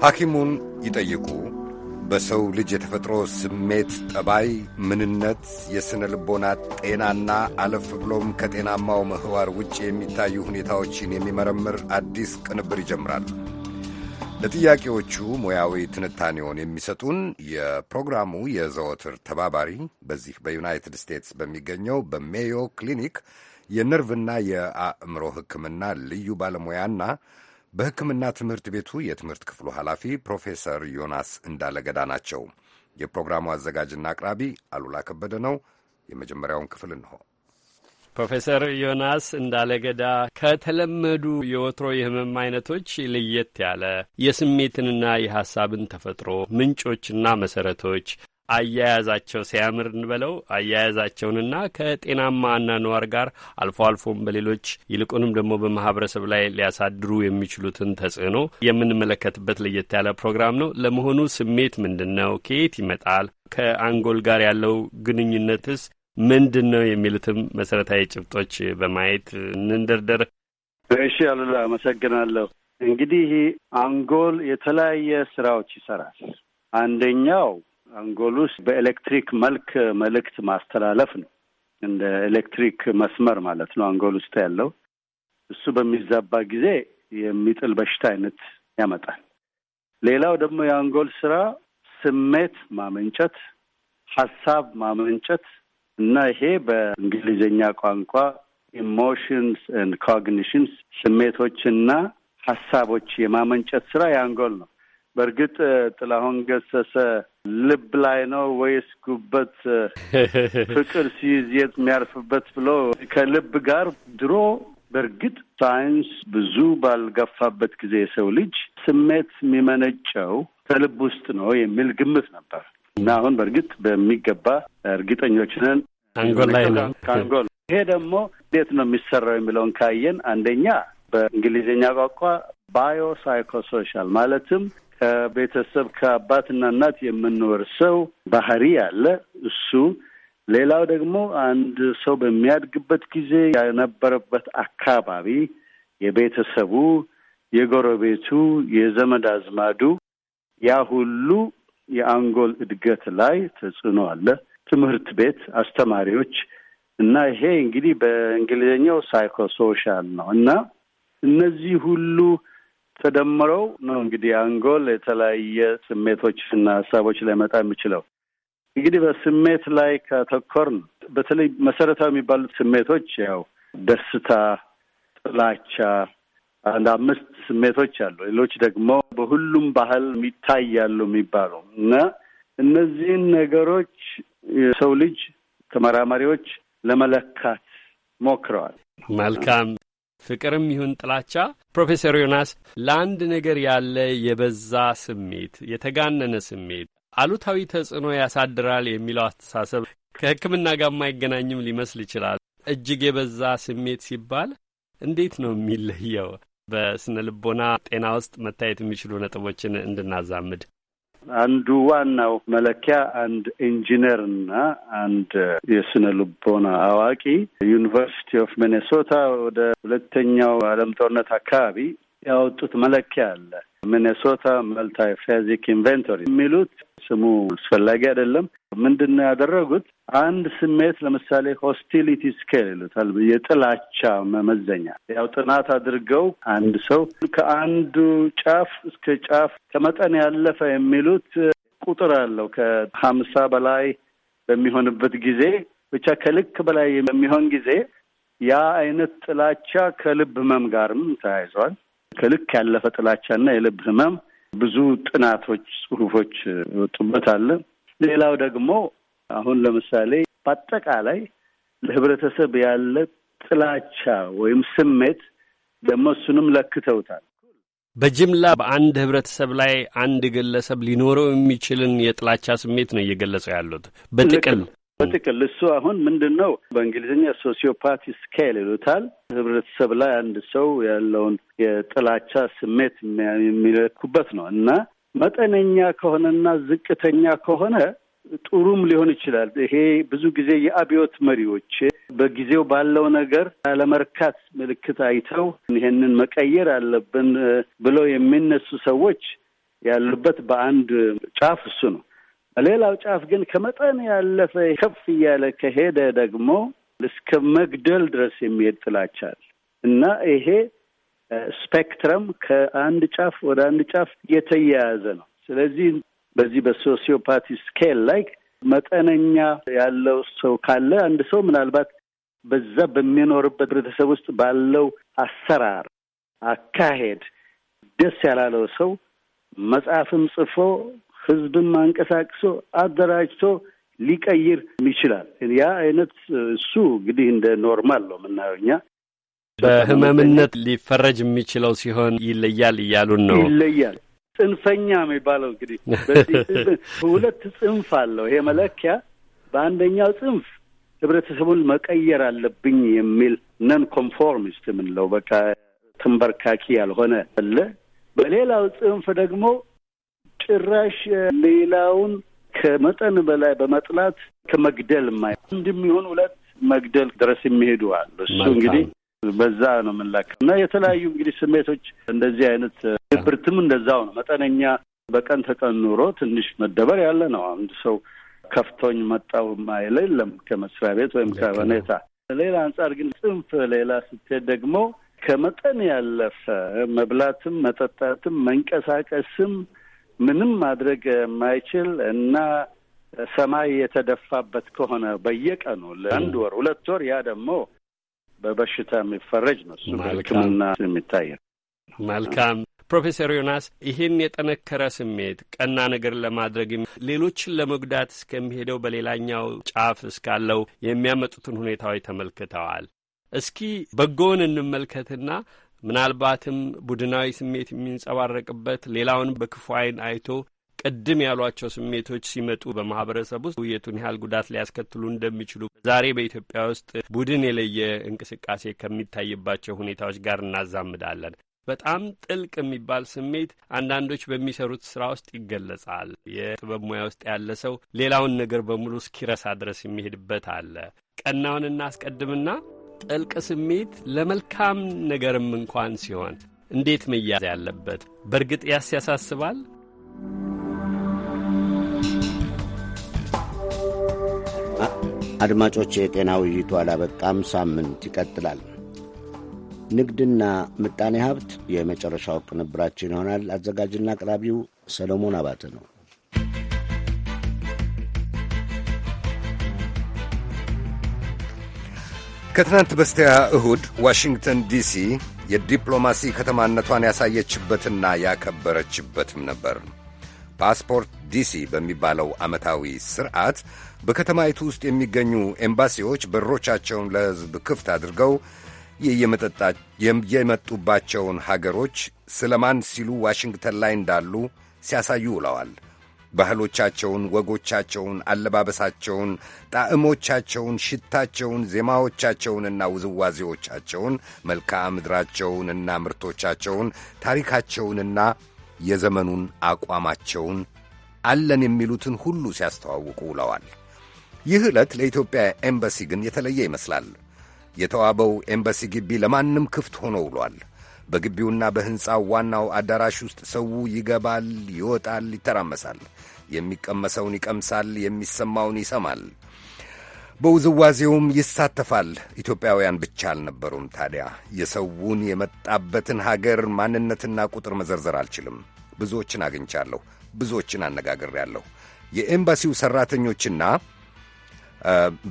ሐኪሙን ይጠይቁ በሰው ልጅ የተፈጥሮ ስሜት፣ ጠባይ፣ ምንነት፣ የሥነ ልቦና ጤናና አለፍ ብሎም ከጤናማው ምህዋር ውጭ የሚታዩ ሁኔታዎችን የሚመረምር አዲስ ቅንብር ይጀምራል። ለጥያቄዎቹ ሙያዊ ትንታኔውን የሚሰጡን የፕሮግራሙ የዘወትር ተባባሪ በዚህ በዩናይትድ ስቴትስ በሚገኘው በሜዮ ክሊኒክ የነርቭና የአእምሮ ሕክምና ልዩ ባለሙያና በሕክምና ትምህርት ቤቱ የትምህርት ክፍሉ ኃላፊ ፕሮፌሰር ዮናስ እንዳለገዳ ናቸው። የፕሮግራሙ አዘጋጅና አቅራቢ አሉላ ከበደ ነው። የመጀመሪያውን ክፍል እንሆ። ፕሮፌሰር ዮናስ እንዳለገዳ ከተለመዱ የወትሮ የህመም አይነቶች ለየት ያለ የስሜትንና የሀሳብን ተፈጥሮ ምንጮችና መሰረቶች አያያዛቸው ሲያምር እንበለው አያያዛቸውንና ከጤናማ አኗኗር ጋር አልፎ አልፎም በሌሎች ይልቁንም ደግሞ በማህበረሰብ ላይ ሊያሳድሩ የሚችሉትን ተጽዕኖ የምንመለከትበት ለየት ያለ ፕሮግራም ነው። ለመሆኑ ስሜት ምንድን ነው? ከየት ይመጣል? ከአንጎል ጋር ያለው ግንኙነትስ ምንድን ነው? የሚሉትም መሰረታዊ ጭብጦች በማየት እንንደርደር። እሺ አሉላ፣ አመሰግናለሁ። እንግዲህ አንጎል የተለያየ ስራዎች ይሰራል። አንደኛው አንጎል ውስጥ በኤሌክትሪክ መልክ መልእክት ማስተላለፍ ነው። እንደ ኤሌክትሪክ መስመር ማለት ነው አንጎል ውስጥ ያለው። እሱ በሚዛባ ጊዜ የሚጥል በሽታ አይነት ያመጣል። ሌላው ደግሞ የአንጎል ስራ ስሜት ማመንጨት፣ ሀሳብ ማመንጨት እና ይሄ በእንግሊዝኛ ቋንቋ ኢሞሽንስ ኤንድ ኮግኒሽንስ ስሜቶችና ሀሳቦች የማመንጨት ስራ የአንጎል ነው። በእርግጥ ጥላሁን ገሰሰ ልብ ላይ ነው ወይስ ጉበት ፍቅር ሲይዝ የት የሚያርፍበት ብሎ ከልብ ጋር ድሮ በእርግጥ ሳይንስ ብዙ ባልገፋበት ጊዜ የሰው ልጅ ስሜት የሚመነጨው ከልብ ውስጥ ነው የሚል ግምት ነበር እና አሁን በእርግጥ በሚገባ እርግጠኞች ነን አንጎል ላይ ነው ከአንጎል ይሄ ደግሞ እንዴት ነው የሚሰራው የሚለውን ካየን አንደኛ በእንግሊዝኛ ቋንቋ ባዮ ሳይኮሶሻል ማለትም ከቤተሰብ ከአባትና እናት የምንወርሰው ባህሪ አለ እሱ ሌላው ደግሞ አንድ ሰው በሚያድግበት ጊዜ የነበረበት አካባቢ የቤተሰቡ፣ የጎረቤቱ፣ የዘመድ አዝማዱ ያ ሁሉ የአንጎል እድገት ላይ ተጽዕኖ አለ። ትምህርት ቤት፣ አስተማሪዎች እና ይሄ እንግዲህ በእንግሊዝኛው ሳይኮሶሻል ነው እና እነዚህ ሁሉ ተደምረው ነው እንግዲህ አንጎል የተለያየ ስሜቶች እና ሀሳቦች ሊያመጣ የሚችለው። እንግዲህ በስሜት ላይ ከተኮርን በተለይ መሰረታዊ የሚባሉት ስሜቶች ያው ደስታ፣ ጥላቻ፣ አንድ አምስት ስሜቶች አሉ። ሌሎች ደግሞ በሁሉም ባህል ይታያሉ የሚባሉ እና እነዚህን ነገሮች የሰው ልጅ ተመራማሪዎች ለመለካት ሞክረዋል። መልካም ፍቅርም ይሁን ጥላቻ ፕሮፌሰር ዮናስ ለአንድ ነገር ያለ የበዛ ስሜት፣ የተጋነነ ስሜት አሉታዊ ተጽዕኖ ያሳድራል የሚለው አስተሳሰብ ከሕክምና ጋር የማይገናኝም ሊመስል ይችላል። እጅግ የበዛ ስሜት ሲባል እንዴት ነው የሚለየው? በስነ ልቦና ጤና ውስጥ መታየት የሚችሉ ነጥቦችን እንድናዛምድ አንዱ ዋናው መለኪያ አንድ ኢንጂነር እና አንድ የስነ ልቦና አዋቂ ዩኒቨርሲቲ ኦፍ ሚኔሶታ ወደ ሁለተኛው ዓለም ጦርነት አካባቢ ያወጡት መለኪያ አለ። ሚኔሶታ መልታይ ፌዚክ ኢንቨንቶሪ የሚሉት ስሙ አስፈላጊ አይደለም። ምንድን ነው ያደረጉት? አንድ ስሜት ለምሳሌ ሆስቲሊቲ ስኬል ይሉታል፣ የጥላቻ መመዘኛ። ያው ጥናት አድርገው አንድ ሰው ከአንዱ ጫፍ እስከ ጫፍ ከመጠን ያለፈ የሚሉት ቁጥር አለው ከሀምሳ በላይ በሚሆንበት ጊዜ ብቻ ከልክ በላይ በሚሆን ጊዜ ያ አይነት ጥላቻ ከልብ ህመም ጋርም ተያይዟል። ከልክ ያለፈ ጥላቻና የልብ ህመም ብዙ ጥናቶች፣ ጽሁፎች ወጡበት አለ። ሌላው ደግሞ አሁን ለምሳሌ በአጠቃላይ ለህብረተሰብ ያለ ጥላቻ ወይም ስሜት ደግሞ እሱንም ለክተውታል። በጅምላ በአንድ ህብረተሰብ ላይ አንድ ግለሰብ ሊኖረው የሚችልን የጥላቻ ስሜት ነው እየገለጸው ያሉት። በጥቅል በጥቅል እሱ አሁን ምንድን ነው በእንግሊዝኛ ሶሲዮፓቲ ስኬል ይሉታል። ህብረተሰብ ላይ አንድ ሰው ያለውን የጥላቻ ስሜት የሚለኩበት ነው እና መጠነኛ ከሆነና ዝቅተኛ ከሆነ ጥሩም ሊሆን ይችላል። ይሄ ብዙ ጊዜ የአብዮት መሪዎች በጊዜው ባለው ነገር ያለመርካት ምልክት አይተው ይሄንን መቀየር አለብን ብለው የሚነሱ ሰዎች ያሉበት በአንድ ጫፍ እሱ ነው። ሌላው ጫፍ ግን ከመጠን ያለፈ ከፍ እያለ ከሄደ ደግሞ እስከ መግደል ድረስ የሚሄድ ጥላቻል እና ይሄ ስፔክትረም ከአንድ ጫፍ ወደ አንድ ጫፍ የተያያዘ ነው። ስለዚህ በዚህ በሶሲዮፓቲ ስኬል ላይ መጠነኛ ያለው ሰው ካለ አንድ ሰው ምናልባት በዛ በሚኖርበት ህብረተሰብ ውስጥ ባለው አሰራር፣ አካሄድ ደስ ያላለው ሰው መጽሐፍም ጽፎ ህዝብን አንቀሳቅሶ አደራጅቶ ሊቀይር ይችላል። ያ አይነት እሱ እንግዲህ እንደ ኖርማል ነው የምናየው እኛ በህመምነት ሊፈረጅ የሚችለው ሲሆን ይለያል እያሉን ነው። ይለያል ጽንፈኛ የሚባለው እንግዲህ በዚህ ሁለት ጽንፍ አለው ይሄ መለኪያ። በአንደኛው ጽንፍ ህብረተሰቡን መቀየር አለብኝ የሚል ነን ኮንፎርሚስት የምንለው በቃ ተንበርካኪ ያልሆነ አለ። በሌላው ጽንፍ ደግሞ ጭራሽ ሌላውን ከመጠን በላይ በመጥላት ከመግደል ማይ እንደሚሆን ሁለት መግደል ድረስ የሚሄዱ አሉ። እሱ እንግዲህ በዛ ነው የምንላክ እና የተለያዩ እንግዲህ ስሜቶች እንደዚህ አይነት ድብርትም እንደዛው ነው። መጠነኛ በቀን ተቀን ኑሮ ትንሽ መደበር ያለ ነው። አንድ ሰው ከፍቶኝ መጣው ማይለ የለም ከመስሪያ ቤት ወይም ከሁኔታ ሌላ አንጻር ግን ጽንፍ ሌላ ስትሄድ ደግሞ ከመጠን ያለፈ መብላትም፣ መጠጣትም፣ መንቀሳቀስም ምንም ማድረግ የማይችል እና ሰማይ የተደፋበት ከሆነ በየቀኑ ለአንድ ወር ሁለት ወር ያ ደግሞ በበሽታ የሚፈረጅ ነው። እሱ በሕክምና የሚታይ መልካም ፕሮፌሰር ዮናስ ይህን የጠነከረ ስሜት ቀና ነገር ለማድረግ ሌሎችን ለመጉዳት እስከሚሄደው በሌላኛው ጫፍ እስካለው የሚያመጡትን ሁኔታዎች ተመልክተዋል። እስኪ በጎውን እንመልከትና ምናልባትም ቡድናዊ ስሜት የሚንጸባረቅበት ሌላውን በክፉ አይን አይቶ ቅድም ያሏቸው ስሜቶች ሲመጡ በማህበረሰብ ውስጥ ውየቱን ያህል ጉዳት ሊያስከትሉ እንደሚችሉ ዛሬ በኢትዮጵያ ውስጥ ቡድን የለየ እንቅስቃሴ ከሚታይባቸው ሁኔታዎች ጋር እናዛምዳለን። በጣም ጥልቅ የሚባል ስሜት አንዳንዶች በሚሰሩት ስራ ውስጥ ይገለጻል። የጥበብ ሙያ ውስጥ ያለ ሰው ሌላውን ነገር በሙሉ እስኪረሳ ድረስ የሚሄድበት አለ። ቀናውን እናስቀድምና ጥልቅ ስሜት ለመልካም ነገርም እንኳን ሲሆን እንዴት መያዝ ያለበት በእርግጥ ያስ ያሳስባል። አድማጮች፣ የጤና ውይይቱ አላበቃም፣ ሳምንት ይቀጥላል። ንግድና ምጣኔ ሀብት የመጨረሻው ቅንብራችን ይሆናል። አዘጋጅና አቅራቢው ሰለሞን አባተ ነው። ከትናንት በስቲያ እሁድ ዋሽንግተን ዲሲ የዲፕሎማሲ ከተማነቷን ያሳየችበትና ያከበረችበትም ነበር። ፓስፖርት ዲሲ በሚባለው ዓመታዊ ሥርዓት በከተማይቱ ውስጥ የሚገኙ ኤምባሲዎች በሮቻቸውን ለሕዝብ ክፍት አድርገው የመጡባቸውን ሀገሮች ስለማን ሲሉ ዋሽንግተን ላይ እንዳሉ ሲያሳዩ ውለዋል። ባህሎቻቸውን፣ ወጎቻቸውን፣ አለባበሳቸውን፣ ጣዕሞቻቸውን፣ ሽታቸውን፣ ዜማዎቻቸውንና ውዝዋዜዎቻቸውን፣ መልክዓ ምድራቸውንና ምርቶቻቸውን፣ ታሪካቸውንና የዘመኑን አቋማቸውን አለን የሚሉትን ሁሉ ሲያስተዋውቁ ውለዋል። ይህ ዕለት ለኢትዮጵያ ኤምባሲ ግን የተለየ ይመስላል። የተዋበው ኤምባሲ ግቢ ለማንም ክፍት ሆኖ ውሏል። በግቢውና በሕንፃው ዋናው አዳራሽ ውስጥ ሰው ይገባል፣ ይወጣል፣ ይተራመሳል፣ የሚቀመሰውን ይቀምሳል፣ የሚሰማውን ይሰማል፣ በውዝዋዜውም ይሳተፋል። ኢትዮጵያውያን ብቻ አልነበሩም ታዲያ። የሰውን የመጣበትን ሀገር ማንነትና ቁጥር መዘርዘር አልችልም። ብዙዎችን አግኝቻለሁ፣ ብዙዎችን አነጋግሬያለሁ። የኤምባሲው ሠራተኞችና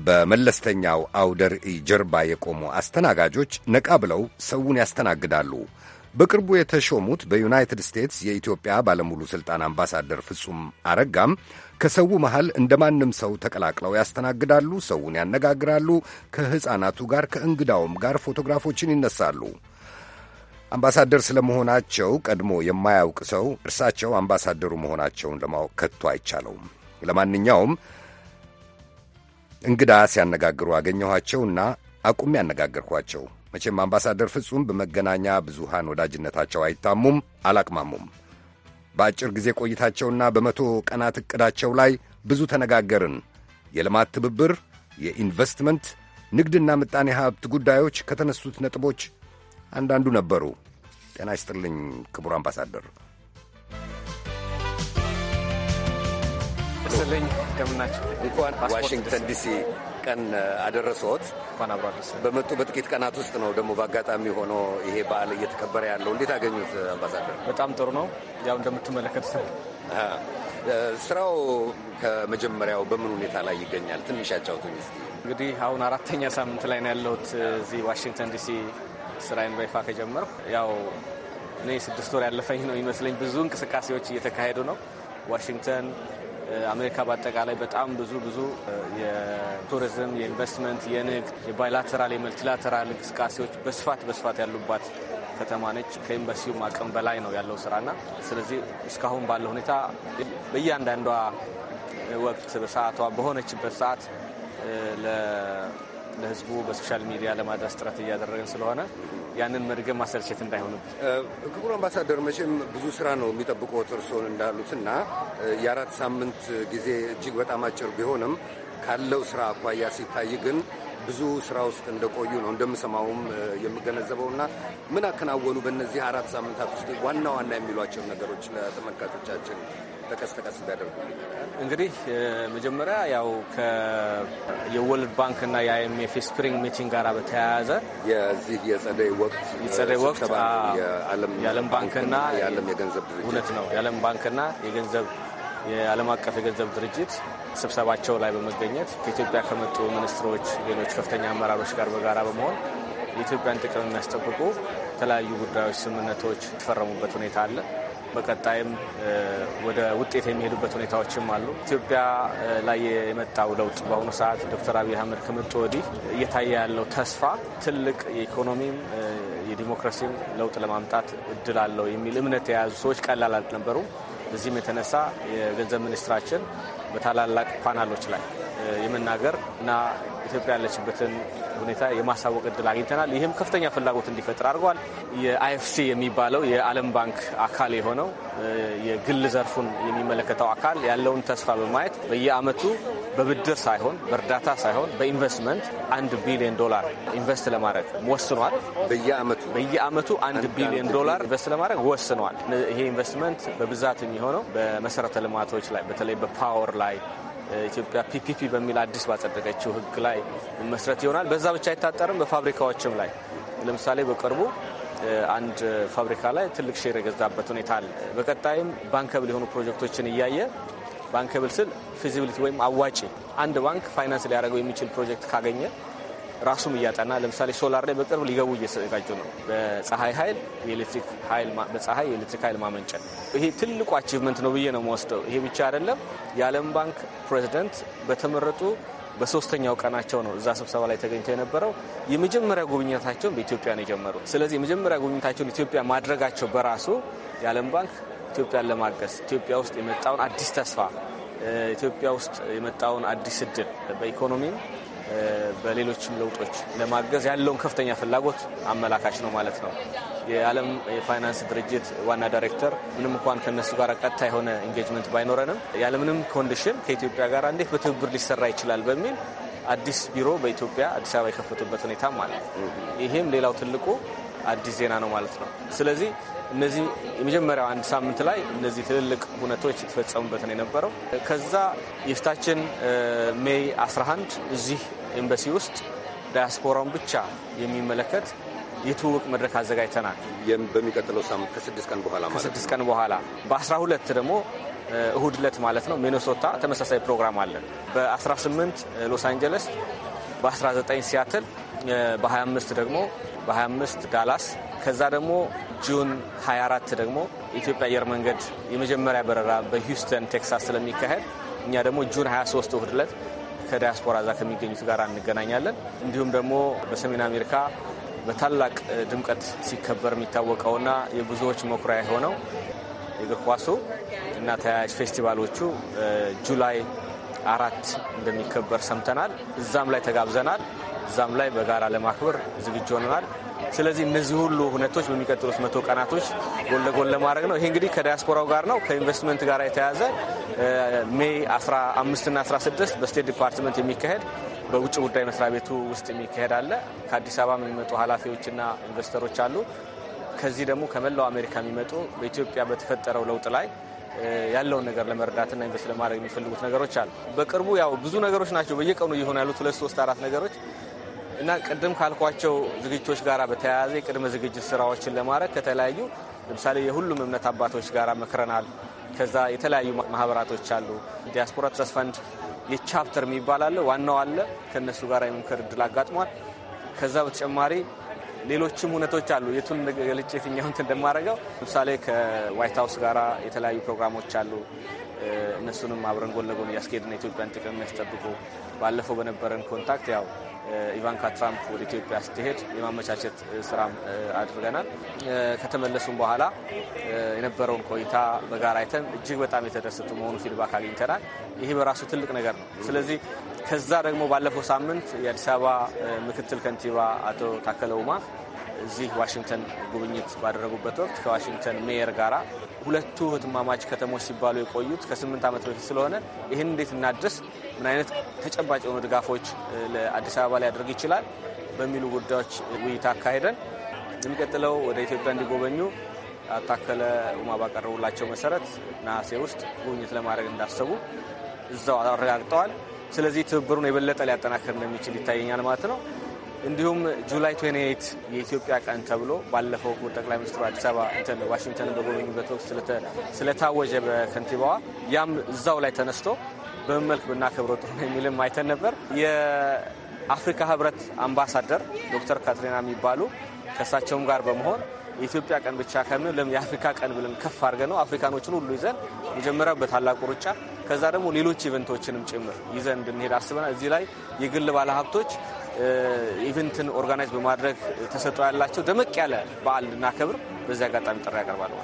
በመለስተኛው አውደር ጀርባ የቆሙ አስተናጋጆች ነቃ ብለው ሰውን ያስተናግዳሉ። በቅርቡ የተሾሙት በዩናይትድ ስቴትስ የኢትዮጵያ ባለሙሉ ሥልጣን አምባሳደር ፍጹም አረጋም ከሰው መሃል እንደ ማንም ሰው ተቀላቅለው ያስተናግዳሉ፣ ሰውን ያነጋግራሉ። ከሕፃናቱ ጋር ከእንግዳውም ጋር ፎቶግራፎችን ይነሳሉ። አምባሳደር ስለመሆናቸው ቀድሞ የማያውቅ ሰው እርሳቸው አምባሳደሩ መሆናቸውን ለማወቅ ከቶ አይቻለውም። ለማንኛውም እንግዳ ሲያነጋግሩ አገኘኋቸውና አቁም ያነጋገርኳቸው። መቼም አምባሳደር ፍጹም በመገናኛ ብዙሃን ወዳጅነታቸው አይታሙም፣ አላቅማሙም። በአጭር ጊዜ ቆይታቸውና በመቶ ቀናት ዕቅዳቸው ላይ ብዙ ተነጋገርን። የልማት ትብብር፣ የኢንቨስትመንት ንግድና ምጣኔ ሀብት ጉዳዮች ከተነሱት ነጥቦች አንዳንዱ ነበሩ። ጤና ይስጥልኝ ክቡር አምባሳደር። ይስጥልኝ እንደምናቸው እንኳን ዋሽንግተን ዲሲ ቀን አደረሰዎት። በመጡ በጥቂት ቀናት ውስጥ ነው ደግሞ በአጋጣሚ ሆኖ ይሄ በዓል እየተከበረ ያለው። እንዴት አገኙት አምባሳደር? በጣም ጥሩ ነው። ያው እንደምትመለከቱት ስራው ከመጀመሪያው በምን ሁኔታ ላይ ይገኛል? ትንሽ ያጫውቱኝ እስኪ። እንግዲህ አሁን አራተኛ ሳምንት ላይ ነው ያለሁት እዚህ ዋሽንግተን ዲሲ ስራዬን በይፋ ከጀመርኩ ያው እኔ ስድስት ወር ያለፈኝ ነው ይመስለኝ። ብዙ እንቅስቃሴዎች እየተካሄዱ ነው። ዋሽንግተን አሜሪካ በአጠቃላይ በጣም ብዙ ብዙ የቱሪዝም፣ የኢንቨስትመንት፣ የንግድ፣ የባይላተራል፣ የመልቲላተራል እንቅስቃሴዎች በስፋት በስፋት ያሉባት ከተማ ነች። ከኤምባሲውም አቅም በላይ ነው ያለው ስራና ስለዚህ እስካሁን ባለው ሁኔታ በእያንዳንዷ ወቅት በሰዓቷ በሆነችበት ሰዓት ለህዝቡ በሶሻል ሚዲያ ለማድረስ ጥረት እያደረግን ስለሆነ ያንን መድገም ማሰልቸት እንዳይሆንብን። ክቡር አምባሳደር፣ መቼም ብዙ ስራ ነው የሚጠብቆት እርስዎን እንዳሉት እና የአራት ሳምንት ጊዜ እጅግ በጣም አጭር ቢሆንም ካለው ስራ አኳያ ሲታይ ግን ብዙ ስራ ውስጥ እንደቆዩ ነው እንደምሰማውም የምገነዘበው እና ምን አከናወኑ በእነዚህ አራት ሳምንታት ውስጥ ዋና ዋና የሚሏቸው ነገሮች ለተመልካቾቻችን ጠቀስ ጠቀስ ቢያደርጉልኝ። እንግዲህ መጀመሪያ ያው ባንክ ባንክና የአይኤምኤፍ ስፕሪንግ ሚቲንግ ጋር በተያያዘ የዚህ የጸደይ ወቅት የጸደይ ወቅት የዓለም ባንክና የዓለም የገንዘብ ድርጅት እውነት ነው የዓለም ባንክና የገንዘብ የዓለም አቀፍ የገንዘብ ድርጅት ስብሰባቸው ላይ በመገኘት ከኢትዮጵያ ከመጡ ሚኒስትሮች፣ ሌሎች ከፍተኛ አመራሮች ጋር በጋራ በመሆን የኢትዮጵያን ጥቅም የሚያስጠብቁ የተለያዩ ጉዳዮች፣ ስምምነቶች የተፈረሙበት ሁኔታ አለ። በቀጣይም ወደ ውጤት የሚሄዱበት ሁኔታዎችም አሉ። ኢትዮጵያ ላይ የመጣው ለውጥ በአሁኑ ሰዓት ዶክተር አብይ አህመድ ከመጡ ወዲህ እየታየ ያለው ተስፋ ትልቅ የኢኮኖሚም የዲሞክራሲም ለውጥ ለማምጣት እድል አለው የሚል እምነት የያዙ ሰዎች ቀላል አልነበሩ። በዚህም የተነሳ የገንዘብ ሚኒስትራችን በታላላቅ ፓናሎች ላይ የመናገር እና ኢትዮጵያ ያለችበትን ሁኔታ የማሳወቅ እድል አግኝተናል። ይህም ከፍተኛ ፍላጎት እንዲፈጥር አድርጓል። የአይኤፍሲ የሚባለው የዓለም ባንክ አካል የሆነው የግል ዘርፉን የሚመለከተው አካል ያለውን ተስፋ በማየት በየዓመቱ በብድር ሳይሆን በእርዳታ ሳይሆን በኢንቨስትመንት አንድ ቢሊዮን ዶላር ኢንቨስት ለማድረግ ወስኗል። በየዓመቱ በየዓመቱ አንድ ቢሊዮን ዶላር ኢንቨስት ለማድረግ ወስኗል። ይሄ ኢንቨስትመንት በብዛት የሚሆነው በመሰረተ ልማቶች ላይ በተለይ በፓወር ላይ ኢትዮጵያ ፒፒፒ በሚል አዲስ ባጸደቀችው ሕግ ላይ መስረት ይሆናል። በዛ ብቻ አይታጠርም። በፋብሪካዎችም ላይ ለምሳሌ በቅርቡ አንድ ፋብሪካ ላይ ትልቅ ሼር የገዛበት ሁኔታ አለ። በቀጣይም ባንከብል የሆኑ ፕሮጀክቶችን እያየ ባንከብል ስል ፊዚቢሊቲ ወይም አዋጪ አንድ ባንክ ፋይናንስ ሊያደርገው የሚችል ፕሮጀክት ካገኘ ራሱም እያጠና ለምሳሌ ሶላር ላይ በቅርብ ሊገቡ እየዘጋጁ ነው። በፀሐይ ኃይል የኤሌክትሪክ ኃይል በፀሐይ የኤሌክትሪክ ኃይል ማመንጨት ይሄ ትልቁ አቺቭመንት ነው ብዬ ነው መወስደው። ይሄ ብቻ አይደለም። የዓለም ባንክ ፕሬዚደንት በተመረጡ በሶስተኛው ቀናቸው ነው እዛ ስብሰባ ላይ ተገኝተው የነበረው። የመጀመሪያ ጉብኝታቸውን በኢትዮጵያ ነው የጀመሩ ስለዚህ የመጀመሪያ ጉብኝታቸውን ኢትዮጵያ ማድረጋቸው በራሱ የዓለም ባንክ ኢትዮጵያን ለማገዝ ኢትዮጵያ ውስጥ የመጣውን አዲስ ተስፋ ኢትዮጵያ ውስጥ የመጣውን አዲስ እድል በኢኮኖሚም በሌሎችም ለውጦች ለማገዝ ያለውን ከፍተኛ ፍላጎት አመላካች ነው ማለት ነው። የዓለም የፋይናንስ ድርጅት ዋና ዳይሬክተር ምንም እንኳን ከነሱ ጋር ቀጥታ የሆነ ኢንጌጅመንት ባይኖረንም ያለምንም ኮንዲሽን ከኢትዮጵያ ጋር እንዴት በትብብር ሊሰራ ይችላል በሚል አዲስ ቢሮ በኢትዮጵያ አዲስ አበባ የከፈቱበት ሁኔታም አለ። ይህም ሌላው ትልቁ አዲስ ዜና ነው ማለት ነው። ስለዚህ እነዚህ የመጀመሪያው አንድ ሳምንት ላይ እነዚህ ትልልቅ ሁነቶች የተፈጸሙበት ነው የነበረው። ከዛ የፊታችን ሜይ 11 እዚህ ኤምባሲ ውስጥ ዳያስፖራውን ብቻ የሚመለከት የትውውቅ መድረክ አዘጋጅተናል። በሚቀጥለው ሳምንት ከስድስት ቀን በኋላ ከስድስት ቀን በኋላ በ12 ደግሞ እሁድ ዕለት ማለት ነው ሚኔሶታ ተመሳሳይ ፕሮግራም አለን። በ18 ሎስ አንጀለስ፣ በ19 ሲያትል፣ በ25 ደግሞ በ25 ዳላስ ከዛ ደግሞ ጁን 24 ደግሞ የኢትዮጵያ አየር መንገድ የመጀመሪያ በረራ በሂውስተን ቴክሳስ ስለሚካሄድ እኛ ደግሞ ጁን 23 እሁድ ዕለት ከዳያስፖራ እዛ ከሚገኙት ጋር እንገናኛለን። እንዲሁም ደግሞ በሰሜን አሜሪካ በታላቅ ድምቀት ሲከበር የሚታወቀውና የብዙዎች መኩሪያ የሆነው የእግር ኳሱ እና ተያያዥ ፌስቲቫሎቹ ጁላይ አራት እንደሚከበር ሰምተናል። እዛም ላይ ተጋብዘናል። እዛም ላይ በጋራ ለማክበር ዝግጁ ሆነናል። ስለዚህ እነዚህ ሁሉ ሁነቶች በሚቀጥሉት መቶ ቀናቶች ጎን ለጎን ለማድረግ ነው። ይሄ እንግዲህ ከዲያስፖራው ጋር ነው ከኢንቨስትመንት ጋር የተያዘ ሜይ 15ና 16 በስቴት ዲፓርትመንት የሚካሄድ በውጭ ጉዳይ መስሪያ ቤቱ ውስጥ የሚካሄድ አለ። ከአዲስ አበባ የሚመጡ ኃላፊዎችና ኢንቨስተሮች አሉ። ከዚህ ደግሞ ከመላው አሜሪካ የሚመጡ በኢትዮጵያ በተፈጠረው ለውጥ ላይ ያለውን ነገር ለመረዳትና ኢንቨስት ለማድረግ የሚፈልጉት ነገሮች አሉ። በቅርቡ ያው ብዙ ነገሮች ናቸው በየቀኑ እየሆኑ ያሉት ሁለት ሶስት አራት ነገሮች እና ቅድም ካልኳቸው ዝግጅቶች ጋር በተያያዘ የቅድመ ዝግጅት ስራዎችን ለማድረግ ከተለያዩ ለምሳሌ የሁሉም እምነት አባቶች ጋር መክረናል። ከዛ የተለያዩ ማህበራቶች አሉ። ዲያስፖራ ትረስ ፈንድ የቻፕተር የሚባል አለ፣ ዋናው አለ። ከእነሱ ጋር የመምከር እድል አጋጥሟል። ከዛ በተጨማሪ ሌሎችም እውነቶች አሉ። የቱን ገልጬ የትኛውን እንደማደርገው ለምሳሌ ከዋይት ሀውስ ጋር የተለያዩ ፕሮግራሞች አሉ። እነሱንም አብረን ጎን ለጎን እያስኬድን ኢትዮጵያን ጥቅም የሚያስጠብቁ ባለፈው በነበረን ኮንታክት ያው ኢቫንካ ትራምፕ ወደ ኢትዮጵያ ስትሄድ የማመቻቸት ስራ አድርገናል። ከተመለሱም በኋላ የነበረውን ቆይታ በጋራ አይተን እጅግ በጣም የተደሰቱ መሆኑ ፊድባክ አግኝተናል። ይህ በራሱ ትልቅ ነገር ነው። ስለዚህ ከዛ ደግሞ ባለፈው ሳምንት የአዲስ አበባ ምክትል ከንቲባ አቶ ታከለ ኡማ እዚህ ዋሽንግተን ጉብኝት ባደረጉበት ወቅት ከዋሽንግተን ሜየር ጋራ ሁለቱ ህትማማች ከተሞች ሲባሉ የቆዩት ከስምንት ዓመት በፊት ስለሆነ ይህን እንዴት እናድረስ ምን አይነት ተጨባጭ የሆኑ ድጋፎች ለአዲስ አበባ ሊያደርግ ይችላል በሚሉ ጉዳዮች ውይይት አካሄደን የሚቀጥለው ወደ ኢትዮጵያ እንዲጎበኙ አታከለ ኡማ ባቀረቡላቸው መሰረት ነሐሴ ውስጥ ጉብኝት ለማድረግ እንዳሰቡ እዛው አረጋግጠዋል። ስለዚህ ትብብሩን የበለጠ ሊያጠናክር እንደሚችል ይታየኛል ማለት ነው። እንዲሁም ጁላይ 28 የኢትዮጵያ ቀን ተብሎ ባለፈው ጠቅላይ ሚኒስትሩ አዲስ አበባ ዋሽንግተን በጎበኙበት ወቅት ስለታወጀ በከንቲባዋ ያም እዛው ላይ ተነስቶ በመልክ ብናከብረው ጥሩ ነው የሚልም አይተን ነበር። የአፍሪካ ህብረት አምባሳደር ዶክተር ካትሪና የሚባሉ ከእሳቸውም ጋር በመሆን የኢትዮጵያ ቀን ብቻ ከምን ለምን የአፍሪካ ቀን ብለን ከፍ አድርገ ነው አፍሪካኖችን ሁሉ ይዘን መጀመሪያ በታላቁ ሩጫ ከዛ ደግሞ ሌሎች ኢቨንቶችንም ጭምር ይዘን እንድንሄድ አስበናል። እዚህ ላይ የግል ባለሀብቶች ኢቨንትን ኦርጋናይዝ በማድረግ ተሰጥኦ ያላቸው ደመቅ ያለ በዓል እንድናከብር በዚህ አጋጣሚ ጥሪ ያቀርባል።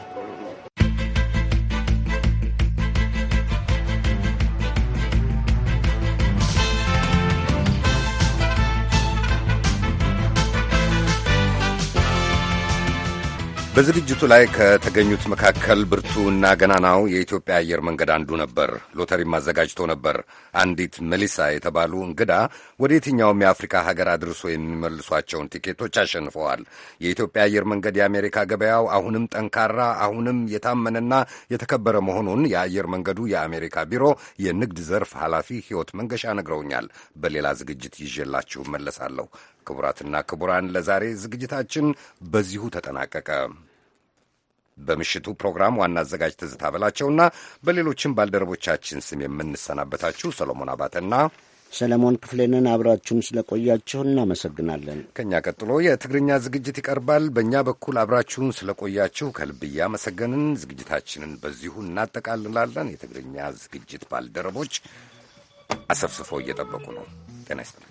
በዝግጅቱ ላይ ከተገኙት መካከል ብርቱና ገናናው የኢትዮጵያ አየር መንገድ አንዱ ነበር። ሎተሪም አዘጋጅቶ ነበር። አንዲት መሊሳ የተባሉ እንግዳ ወደ የትኛውም የአፍሪካ ሀገር አድርሶ የሚመልሷቸውን ቲኬቶች አሸንፈዋል። የኢትዮጵያ አየር መንገድ የአሜሪካ ገበያው አሁንም ጠንካራ፣ አሁንም የታመነና የተከበረ መሆኑን የአየር መንገዱ የአሜሪካ ቢሮ የንግድ ዘርፍ ኃላፊ ሕይወት መንገሻ ነግረውኛል። በሌላ ዝግጅት ይዤላችሁ መለሳለሁ። ክቡራትና ክቡራን ለዛሬ ዝግጅታችን በዚሁ ተጠናቀቀ። በምሽቱ ፕሮግራም ዋና አዘጋጅ ትዝታ በላቸውና በሌሎችም ባልደረቦቻችን ስም የምንሰናበታችሁ ሰሎሞን አባተና ሰለሞን ክፍሌንን አብራችሁን ስለቆያችሁ እናመሰግናለን። ከእኛ ቀጥሎ የትግርኛ ዝግጅት ይቀርባል። በእኛ በኩል አብራችሁን ስለቆያችሁ ከልብ እያመሰገንን ዝግጅታችንን በዚሁ እናጠቃልላለን። የትግርኛ ዝግጅት ባልደረቦች አሰፍስፈው እየጠበቁ ነው። ጤና ይስጥልን።